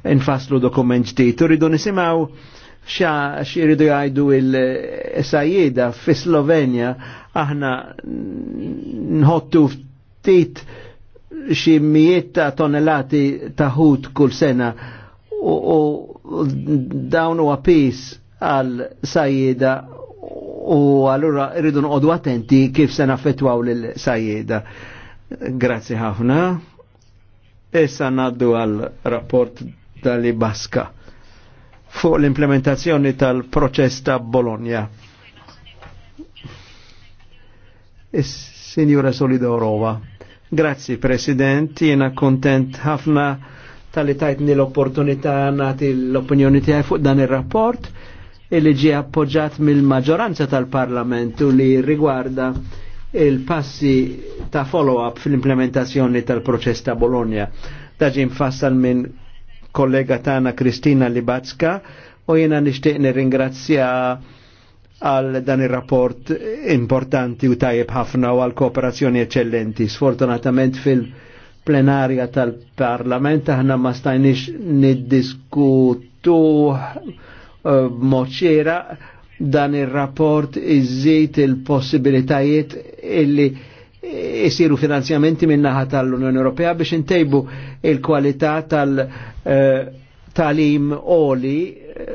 infaslu dokument ġdijt. Uridu nisimaw xa xiridu jgħidu il-sajjida fi Slovenja aħna nħottu ftit xi mijiet ta' tonnellati ta' ħut kull sena u dawn huwa pis għal sajjida u allura irridu noqogħdu attenti kif se naffettwaw lil sajjida. Grazzi ħafna. Issa naddu għal rapport tal-li baska fuq l-implementazzjoni tal-proċess ta' Bologna. Signora sinjura Solidorova. Grazzi President, jiena kontent ħafna tal-li tajtni l-opportunità nati l-opinjoni tijaj fuq dan ir-rapport il-li ġie appoġġat mill-maġġoranza tal-Parlament u li rigwarda il-passi ta' follow-up fil-implementazzjoni tal-proċess ta' Bologna. Daġi fassal minn kollega tana Kristina Libacka u jena nishtiq nirringrazzja għal dan il-rapport importanti u tajib ħafna u għal kooperazzjoni eccellenti. Sfortunatament fil-plenarja tal-parlament aħna ma stajnix niddiskutu eh, moċera dan il-rapport iżżid il-possibilitajiet illi jisiru finanzjamenti minnaħa tal-Unjoni Ewropea biex intejbu il-kwalità tal-talim eh, oli eh,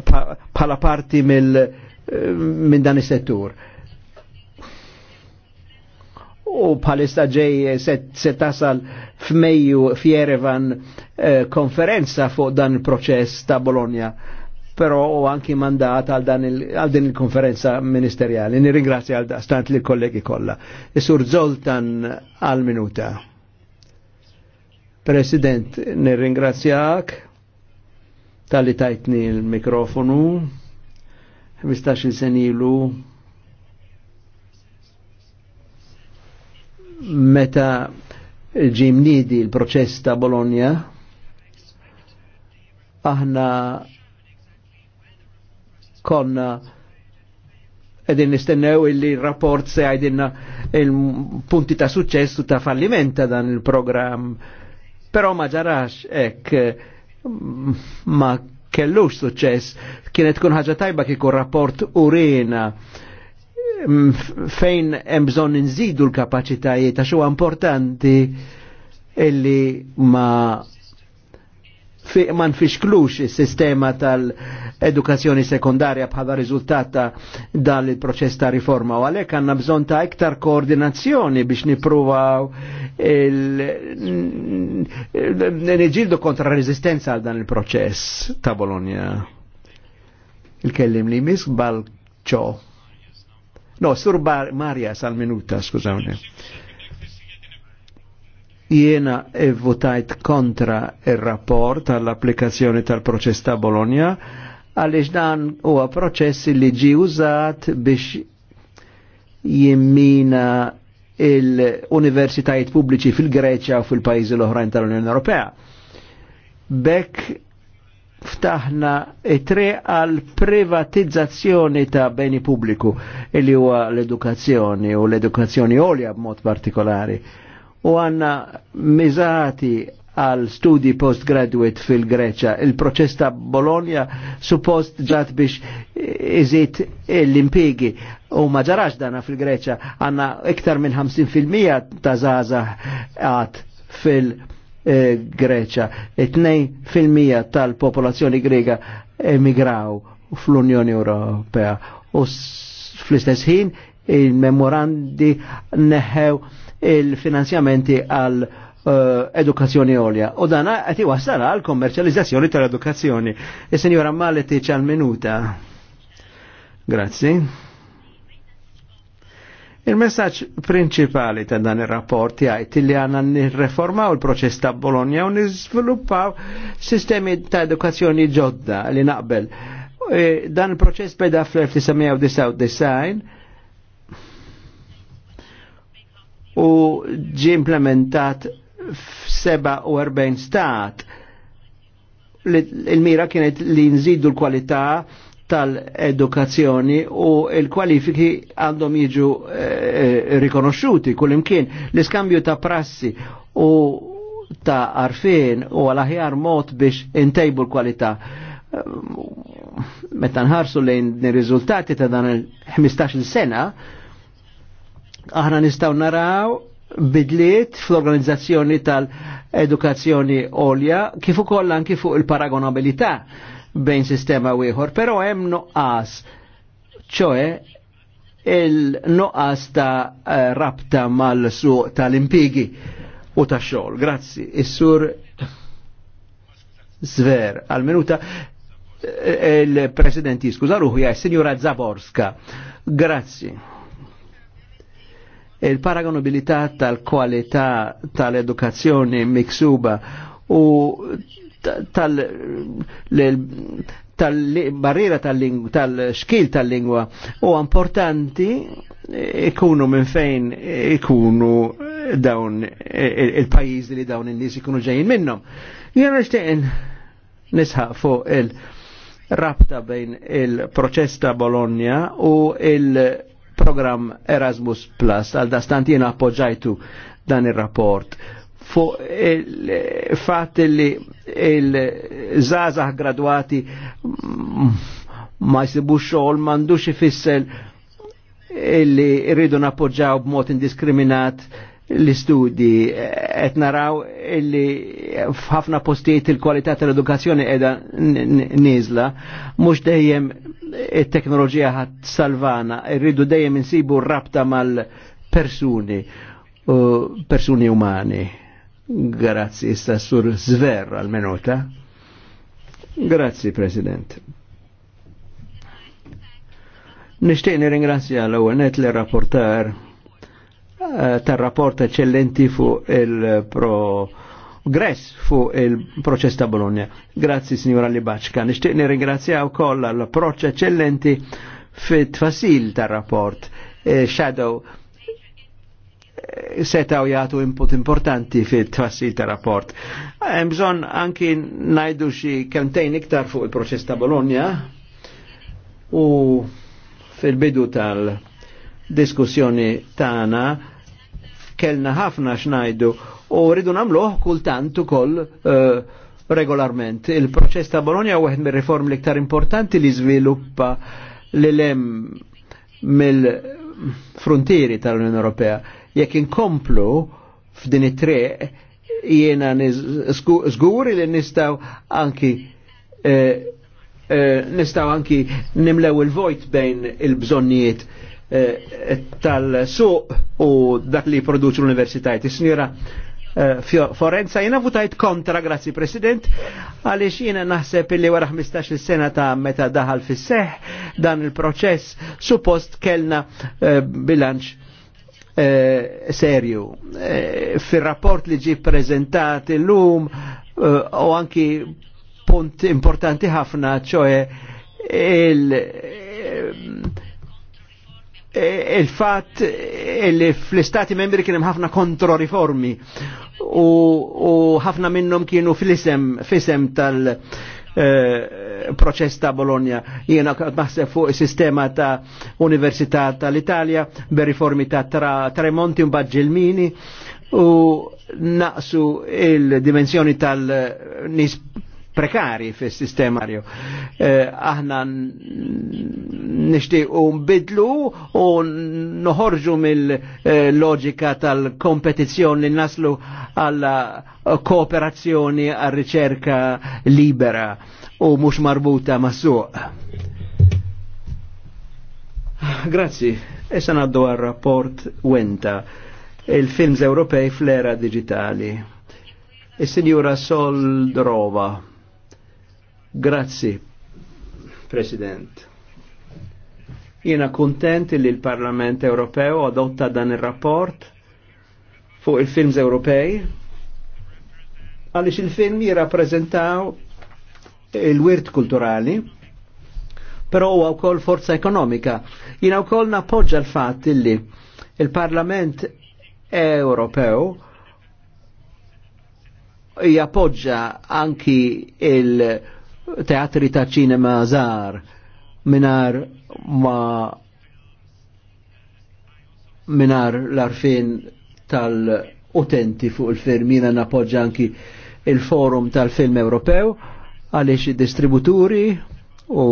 bħala parti eh, minn dan is-settur. U bħalista ġej se tasal f'Mejju f'Jerevan konferenza fuq dan il-proċess ta' Bologna però u anki mandat għal din il-konferenza ministerjali. Nirringrazzja għal stant li kollegi kollha. Isur e Zoltan għal minuta. President, nirringrazzjak tal-li tajtni il-mikrofonu. 15 senilu meta ġimnidi il proċess ta' Bologna aħna konna edin nistennew illi rapport se għajdinna il-punti ta' successu ta' fallimenta dan il-program. Pero ma ġarax ek ma kellux suċess, kienet kun ħagġa tajba kiku rapport urina fejn hemm bżonn nżidu l-kapaċitajiet għax huwa importanti illi ma fi ma nfixklux is-sistema tal-edukazzjoni sekundarja bħala rizultata dal il-proċess ta' riforma u għalhekk għandna bżonn ta' iktar koordinazzjoni biex nipruvaw il niġildu kontra rezistenza għal dan il-proċess ta' Bologna. Il-kellim li mis balċo. No, sur Marja sal-minuta, skużawni. Jiena votajt kontra il-rapport għall-applikazzjoni tal-proċess ta' Bologna għaliex dan huwa proċess li ġi użat biex jimmina il-universitajiet pubbliċi fil-Greċja u fil-pajjiżi l-oħrajn tal-Unjoni Ewropea. Bekk ftaħna tre għal privatizzazzjoni ta' beni pubbliku li huwa l-edukazzjoni u l-edukazzjoni olja b'mod partikolari u għanna mizati għal studi postgraduate fil-Greċa. Il-proċess ta' Bologna suppost ġat biex iżit l impigi u ma ġarax dana fil-Greċa għanna iktar minn 50% ta' zaza għat fil-Greċa. 2% tal-popolazzjoni grega emigraw fl-Unjoni Ewropea u fl-istess ħin il-memorandi neħew il-finanzjamenti għal uh, edukazzjoni olja. U dan qed iwassal għal kommerċjalizzazzjoni tal-edukazzjoni. Is-Sinjora e Malli tiċ għal minuta. Grazzi. Il-messaġġ prinċipali ta' dan ir-rapport jgħid li għandna nirreformaw il-proċess ta' Bologna u niżviluppaw sistemi ta' edukazzjoni ġodda li naqbel. E, dan il-proċess beda fl-1999 u ġi implementat f-47 stat. Il-mira kienet li nżidu l-kwalità tal-edukazzjoni u il-kwalifiki għandhom jiġu eh, rikonosciuti kullimkien l-iskambju ta' prassi u ta' arfin u għal-aħjar mod biex intejbu l-kwalità. Eh, meta nħarsu lejn riżultati ta' dan il-15 sena, aħna nistaw naraw bidliet fl-organizzazzjoni tal-edukazzjoni olja kif ukoll anki fuq il-paragonabilità bejn sistema weħor, però hemm noqqas, ċoe il-noqqas ta' eh, rabta mal-suq tal-impigi u ta' xogħol. Grazzi, is-sur Zver, għal-minuta eh, il-presidenti, skużaruħu, ja, signora Zaborska. Grazzi il-paragonabilità tal-kwalità tal-edukazzjoni miksuba u tal-barriera tal-xkil tal lingua u importanti ikunu minn fejn ikunu dawn il-pajiz li dawn il-nis ikunu ġejjin minnom. Jena nishtiqin nisħaq fuq il- rabta bejn il-proċess ta' Bologna u il- program Erasmus Plus għal stant jena appoġġajtu dan il-rapport fuq il-fat li il-żazah graduati ma jsibux xogħol m'għandux ifisser illi rridu nappoġġaw b'mod indiskriminat l-istudji qed naraw illi f'ħafna postijiet il-kwalità tal-edukazzjoni qiegħda nieżla mhux dejjem it-teknoloġija ħat salvana, irridu dejjem insibu rabta mal-persuni, persuni umani. Grazzi, sta sur zver għal-minuta. Grazzi, President. Nishtiqni ringrazzja l-ewwel net li rapportar eh, tar rapport eccellenti fuq il-pro gress fu il-proċess ta' Bologna. Grazzi signora Libaċka, nishtiq nirringrazzjaw kollha l-approċċ eccellenti fit tfasil tar-rapport. E, shadow eh, setaw jgħatu input importanti fit tfassil ta' rapport. Eh, hemm bżonn anki ngħidu xi kemtejn iktar fuq il-proċess ta' Bologna u fil-bidu tal-diskussjoni tagħna kellna ħafna x'ngħidu u rridu namluħ kultant ukoll eh, regolarment. Il-proċess ta' Bologna waħed mir reform l-iktar importanti li żviluppa l-lem mill-frontieri tal-Unjoni Ewropea. Jekk inkomplu f'din it-triq jiena żguri li nistgħu anki eh, eh, nistgħu anki nimlew il-vojt bejn il-bżonnijiet tal-suq u dak li jproduċu l-universitajt. Is-snira Eh, Forenza. jina votajt kontra, grazzi President, għaliex jina naħseb illi wara 15 sena ta' meta daħal fisseħ dan il-proċess suppost kellna eh, bilanċ eh, serju. Fil-rapport li ġi prezentat il lum u anki punt importanti ħafna, ċoe il il-fat li fl-istati membri kienem ħafna kontroriformi u u ħafna minnhom kienu fil isem fisem tal- E, proċess ta' Bologna. Jiena naħseb fuq is sistema ta' Università tal-Italja, riformi ta' Tremonti u Ġilmini u naqsu il-dimensjoni tal-nis prekari fis sistema Mario. Eh, aħna nishtiq u nbidlu u noħorġu mill-loġika tal-kompetizjoni li naslu għalla kooperazzjoni għal riċerka libera u mux marbuta ma' suq. Grazzi, essan għaddu għal rapport Wenta, il-films Ewropej fl-era digitali. Il-Signora Sol Drova Grazzi, President. Jiena kontent li l-Parlament Ewropew adotta dan ir-rapport fuq il-films Ewropej għaliex il-film jirrappreżentaw il-wirt kulturali però huwa wkoll forza ekonomika. Jiena wkoll nappoġġa l-fatt li il-Parlament Ewropew jappoġġa anki il- teatri ta' ċinema żgħar minar ma minar l-arfin tal-utenti fuq il-fermina napoġġa anki il-forum tal-film Ewropew għaliex id-distributuri u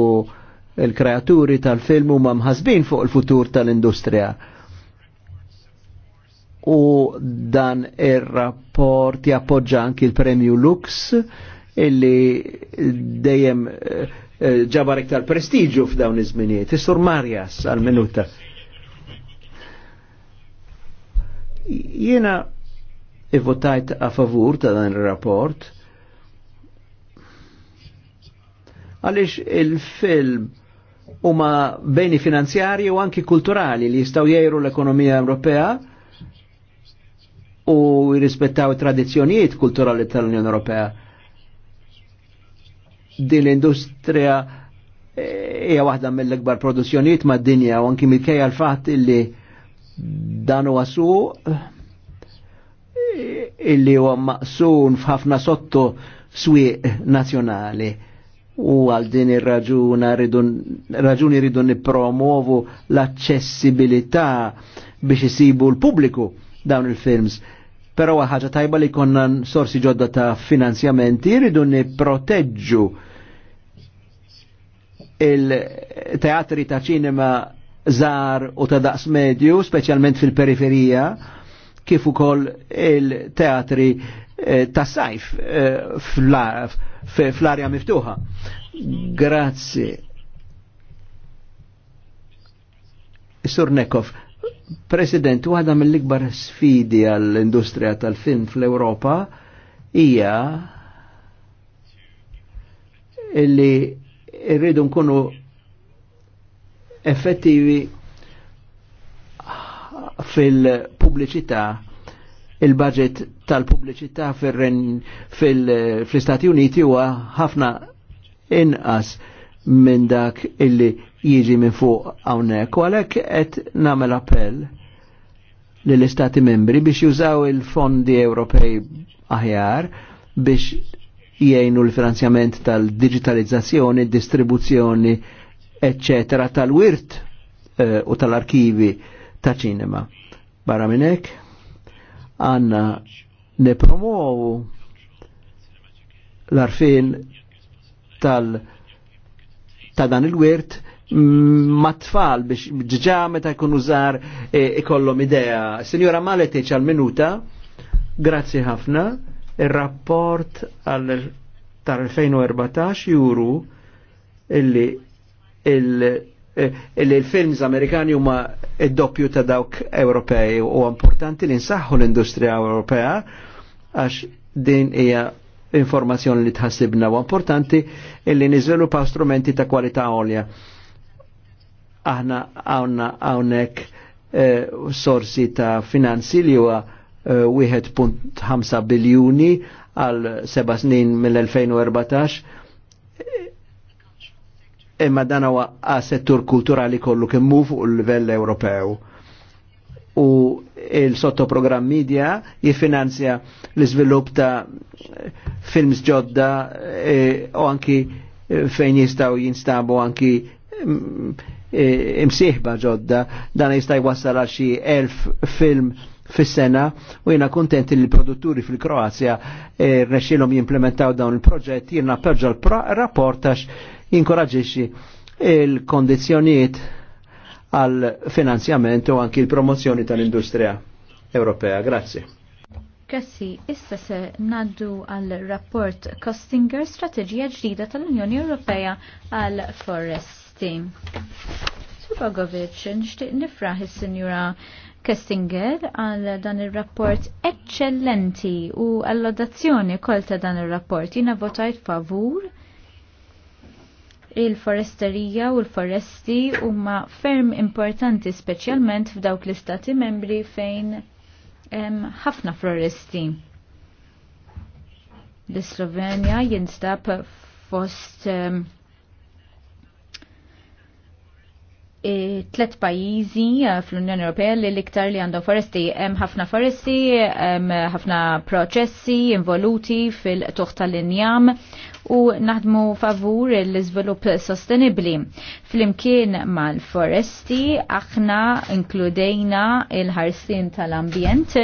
il-kreaturi tal-film huma mħasbin fuq il-futur tal-industrija. U dan ir-rapport jappoġġa anki il-Premju Lux illi dejjem eh, eh, ġabar iktar prestiġu f'dawn iż-żminijiet. Isur Marjas għal minuta. Jiena ivvotajt a favur ta' dan ir-rapport għaliex il-film huma beni finanzjarji u anki kulturali li jistaw jgħiru l-ekonomija Ewropea u jirrispettaw tradizzjonijiet kulturali tal-Unjoni Ewropea din l-industrija eh, hija waħda mill akbar produzzjonijiet mad-dinja u anki mitkejja l-fatt illi dan huwa eh, illi huwa maqsun f'ħafna sotto swieq nazzjonali u għal din ir-raġuna raġuni rridu nippromuovu l-aċċessibilità biex isibu l-pubbliku dawn il-films. Pero ħaġa tajba li konna sorsi ġodda ta' finanzjamenti, ni niproteġġu il-teatri ta' ċinema zar u ta' daqs medju, specialment fil-periferija, kif ukoll il-teatri eh, ta' sajf eh, fl-arja miftuħa. Grazzi. Sur Nekov, President, waħda mill-ikbar sfidi għall-industrija tal-film fl-Europa hija illi irridu nkunu effettivi fil-pubbliċità il-budget tal-pubbliċità fil-Stati Uniti huwa ħafna inqas minn dak illi jiġi minn fuq hawnhekk u għalhekk qed nagħmel appell lill istati membri biex jużaw il-fondi Ewropej aħjar biex jgħinu l-finanzjament tal-digitalizzazzjoni, distribuzzjoni, eccetera, tal-wirt eh, u tal-arkivi ta' ċinema. Barra minnek, għanna nepromovu l-arfin tal- ta' dan il-wirt Mm, Ma'tfal biex ġġa meta jkun użar e, ikollhom idea. Sinjora Maletic għal-minuta, grazzi ħafna, il-rapport tar 2014 juru e, illi il-films amerikani huma id-doppju ta' dawk Ewropej u importanti li nsaħħu l-industrija Ewropea għax din hija informazzjoni li tħassibna u importanti illi niżvilupaw strumenti ta' kwalità għolja aħna għawna għawnek eh, sorsi ta' finanzi li huwa 1.5 eh, biljuni għal seba snin mill-2014 eh, imma dan huwa għas-settur kulturali kollu kemmu fuq il-livell Ewropew. U il-sottoprogramm media jiffinanzja l-iżvilupp ta' films ġodda u anki fejn jistgħu jinstabu anki mm, E, imsieħba ġodda dan jista' jwassal għal xi elf film fis-sena u jiena kuntenti li l-produtturi fil-Kroazja e, rnexxilhom jimplementaw dawn il-proġett jiena perġa l-rapport għax jinkoraġixxi il-kondizzjonijiet għal finanzjament u anki l-promozzjoni tal-industrija Ewropea. Grazzi. Grazzi, issa se naddu għal rapport Costinger Strategija ġdida tal-Unjoni Ewropea għal Forest. Grazzi. Subagovic, nixtieq nifraħ is-Sinjura Kestinger għal dan il-rapport eccellenti u għall-odazzjoni kolta ta' dan il-rapport jina votajt favur il-foresterija u l-foresti huma ferm importanti speċjalment f'dawk l-istati membri fejn ħafna floresti. L-Slovenja jinstab fost E, tlet pajizi eh, fl-Unjoni Ewropea li l-iktar li għandhom foresti. Hemm ħafna foresti, hemm ħafna proċessi involuti fil-tuħ tal-injam u naħdmu favur l-iżvilupp sostenibbli. Flimkien mal-foresti aħna inkludejna il-ħarsin tal-ambjent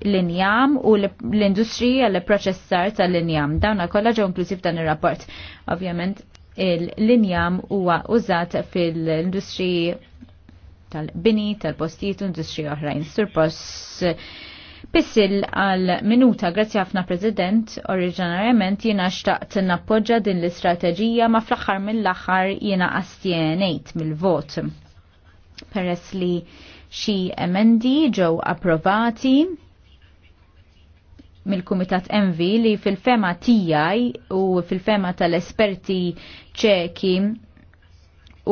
l-injam u l-industrija l-proċessar tal-injam. Dawna kollha ġew inklusiv dan ir-rapport. Ovvjament il linjam huwa użat fil-industriji tal-bini, tal-postijiet u oħrajn. Surpos Pissil għal minuta grazzi ħafna President, oriġinarjament jiena xtaqt nappoġġa din l-istrateġija ma fl-aħħar mill-aħħar jiena astjenejt mill-vot. Peress li xi emendi ġew approvati mill-Kumitat Envi li fil-fema tijaj u fil-fema tal-esperti ċeki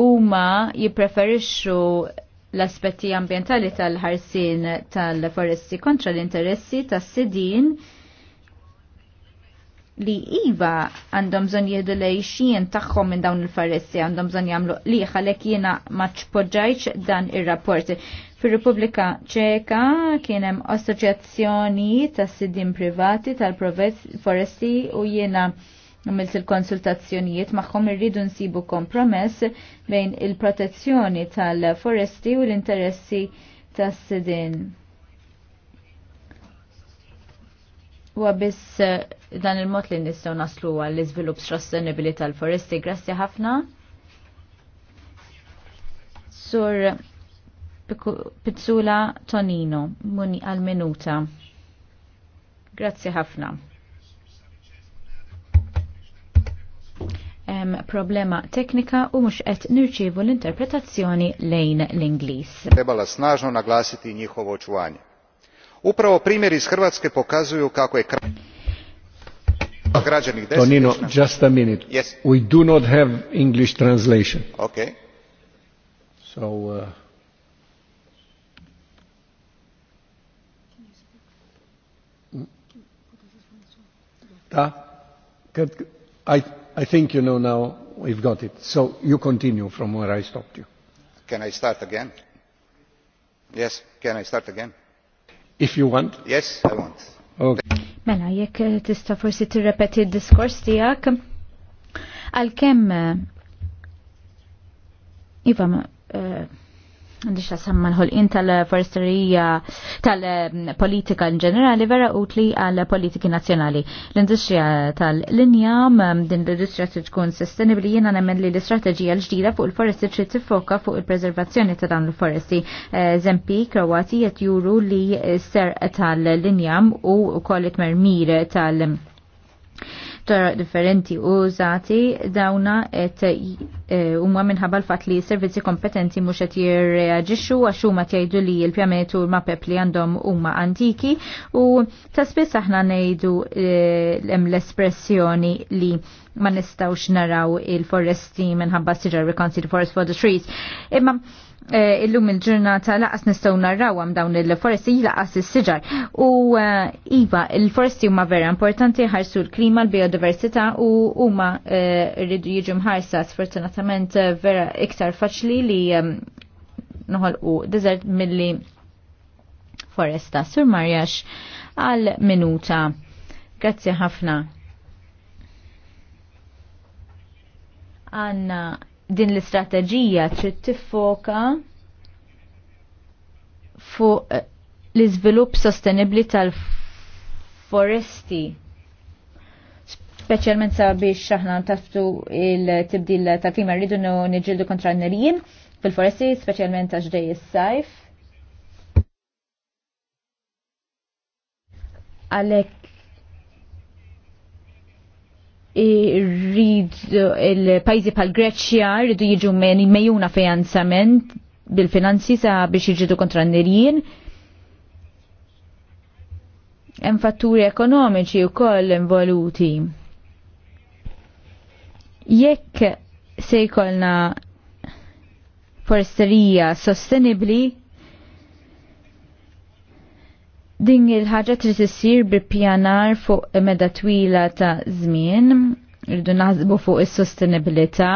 huma jippreferixxu l-aspetti ambientali tal-ħarsin tal-foresti kontra l-interessi tas-sidin li Iva għandhom jieħdu jihdu xien tagħhom minn dawn il foresti għandhom bżonn jagħmlu li għalek jiena maċ poġġajċ dan ir rapport Fir-Repubblika Ċeka kien hemm assoċjazzjoni ta' Siddin privati tal-foresti u jiena għamilt il-konsultazzjonijiet magħhom irridu nsibu kompromess bejn il-protezzjoni tal-foresti u l-interessi tas-sidin. Huwa biss eh, dan il-mod li nistgħu naslu għall-iżvilupp sostenibili tal-foresti. Grazzi ħafna. Sur Pizzula Tonino, muni għal-minuta. Grazzi ħafna. hemm problema teknika u mhux qed nirċievu l-interpretazzjoni lejn l-Ingliż. Trebala snažno naglasiti njihovo očuvanje. Upravo primjer iz Hrvatske pokazuju kako je građanih Tonino, just a minute. Yes. We do not have English translation. Okay. So, uh... Ah, could, I, I think you know now we've got it. So you continue from where I stopped you. Can I start again? Yes, can I start again? If you want. Yes, I want. Okay. Mela, jekk tista forsi tirrepeti d-diskors tijak, għal-kem, eh, Iva, uh, għandix għasamman ħolqin tal-foresterija tal-politika in ġenerali vera utli għal-politiki nazjonali. L-industrija tal-linjam, um, din l-industrija tkun sostenibli jena nemmen li l-istrateġija l-ġdida fuq il-foresti trid tifoka fuq il-preservazzjoni ta' dan l-foresti. Eżempi, Kroati qed juru li ser tal-linjam u kollit mermir tal- toroq differenti użati dawna et e, umma minħabba l-fatt li s-servizzi kompetenti mhux qed jirreaġixxu għax huma tgħidu li l-pjanet u l-mapep li għandhom huma antiki u ta' spiss aħna ngħidu e, hemm l-espressjoni li ma nistgħux naraw il-foresti minħabba s-siġar we can't see the forest for the trees. Imma Eh, illum il-ġurnata laqas nistaw narraw għam dawn il-foresti laqas il-sġar. U eh, iva, il-foresti huma vera importanti ħarsu l-klima, l-biodiversità u huma eh, rridu jiġu mħarsa sfortunatament vera iktar faċli li noħolqu desert milli foresta. Sur Marjax għal minuta. Grazzi ħafna. Għanna din l-istrateġija trid tiffoka fuq eh, l-iżvilupp sostenibbli tal-foresti speċjalment sabiex aħna taftu il-tibdil ta' klima rridu niġildu kontra n-nerijin fil-foresti, speċjalment għax dej is-sajf. Għalek rridu il-pajzi pal Greċja rridu jiġu mejuna finanzament bil-finanzi sa biex jiġu kontra n-nirjien. Hemm fatturi ekonomiċi wkoll involuti. Jekk se jkollna foresterija sostenibli, Din il-ħaġa trid issir bi pjanar fuq meda twila ta' żmien, irridu naħsbu fuq is-sostenibilità.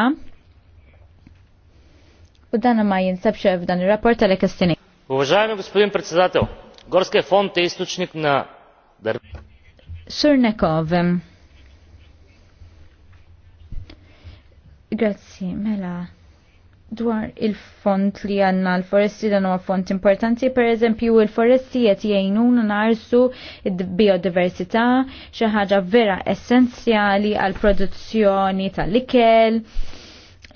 U dan ma jinsabx f'dan ir-rapport tal-ekestini. Уважаемый господин председател, Горский фонд е източник на... Сурнеков. Grazie, mela dwar il-font li għanna l-foresti dan huwa font importanti, per eżempju il-foresti qed jgħinuna narsu d biodiversità xi ħaġa vera essenzjali għal produzzjoni tal-ikel,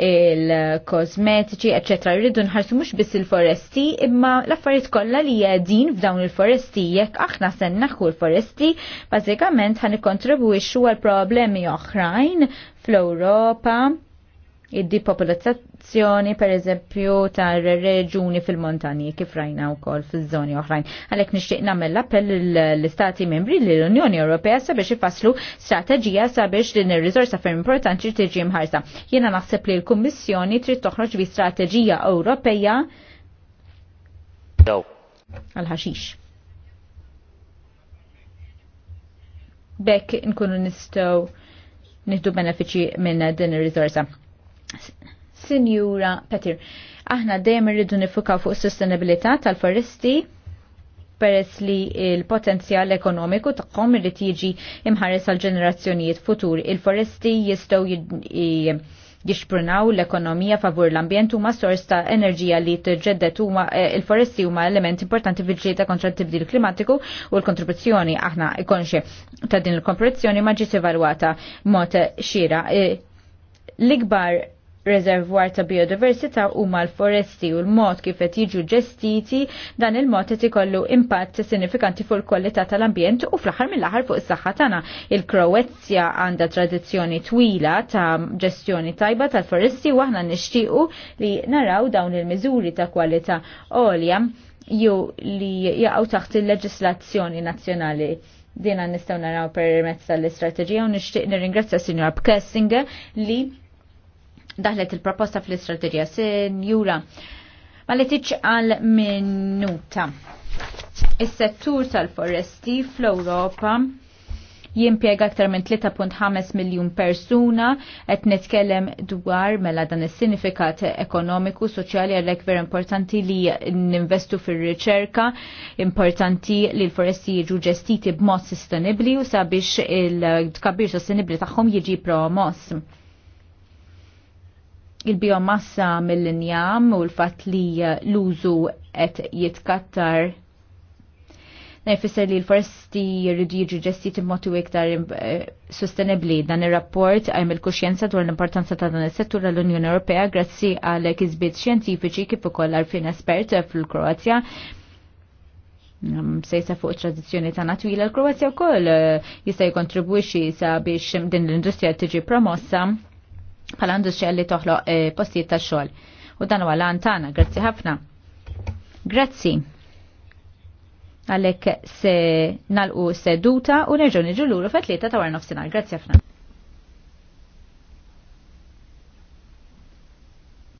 il-kosmetiċi, eċetera. Rridu nħarsu mhux biss il-foresti, imma l-affarijiet kollha li din f'dawn il-foresti jekk aħna se naħku l-foresti, bażikament ħan ikkontribwixxu għal problemi oħrajn fl-Ewropa id-dipopolazzazzjoni per eżempju tar reġuni fil-montani kif rajna wkoll fiż-żoni oħrajn. Għalhekk nixtieq nagħmel l-appell l-Istati membri li l-Unjoni Ewropea sabiex ifasslu strateġija sabiex din ir rizorsa ferm importanti tiġi mħarsa. Jiena naħseb li l-Kummissjoni trid toħroġ bi strateġija Ewropea għal-ħaxix. Bekk nkunu nistgħu nieħdu benefiċi minn din ir-riżorsa. Sinjura Petir, aħna dejjem irridu nifukaw fuq sostenibilità tal-foresti peress li il-potenzjal ekonomiku tagħhom irid jiġi imħares għal ġenerazzjonijiet futur. Il-foresti jistgħu jixprunaw l-ekonomija favur l-ambjent huma sors ta' enerġija li tġeddet huma eh, il-foresti huma element importanti fil-ġlieda kontra t-tibdil klimatiku u l-kontribuzzjoni aħna ikonxie ta' din il-kontribuzzjoni ma ġiet evalwata mod xira. Eh, l-ikbar reservwar ta' biodiversità huma l-foresti u l-mod kif qed jiġu ġestiti dan il-mod qed ikollu impatt sinifikanti fuq il-kwalità tal-ambjent u fl-aħħar mill-aħħar fuq is-saħħa tagħna. il kroezja għandha tradizzjoni twila ta' ġestjoni tajba tal-foresti u aħna nixtiequ li naraw dawn il-miżuri ta' kwalità għolja ju li jaqgħu taħt il-leġislazzjoni nazzjonali dina nistaw naraw permezz tal-istrateġija u nixtieq nirringrazzja Sinjor Bkessinger li daħlet il-proposta fl-istrategija senjura. Ma li tiċqal minuta. Is-settur tal-foresti fl-Ewropa jimpiega aktar minn 3.5 miljon persuna qed nitkellem dwar mela dan is-sinifikat ekonomiku, soċjali għalhekk vera importanti li ninvestu fir-riċerka, importanti li l-foresti jiġu ġestiti b'mod sostenibbli u sabiex il-tkabbir sostenibbli tagħhom jiġi promoss il-biomassa mill-injam u l-fat li l-użu et jitkattar Nefisser li l forsti jirridu jiġu ġestiti timmotu iktar eh, sostenibli. Dan ir-rapport għajm il-kuxjenza dwar l-importanza ta' dan is-settur għall-Unjoni Ewropea grazzi għal kisbiet xjentifiċi kif ukoll għarfien espert fil-Kroazja mm, sejsa fuq tradizjoni ta' natwila l-Kroazja wkoll eh, jista' jikontribwixxi sa biex din l-industrija tiġi promossa pala għandu li toħloq eh, postijiet ta' xogħol. U dan u lan tagħna, grazzi ħafna. Grazzi. Għalhekk se nalqu seduta u nerġgħu niġu luru fit-tlieta ta' war sinar. Grazzi ħafna.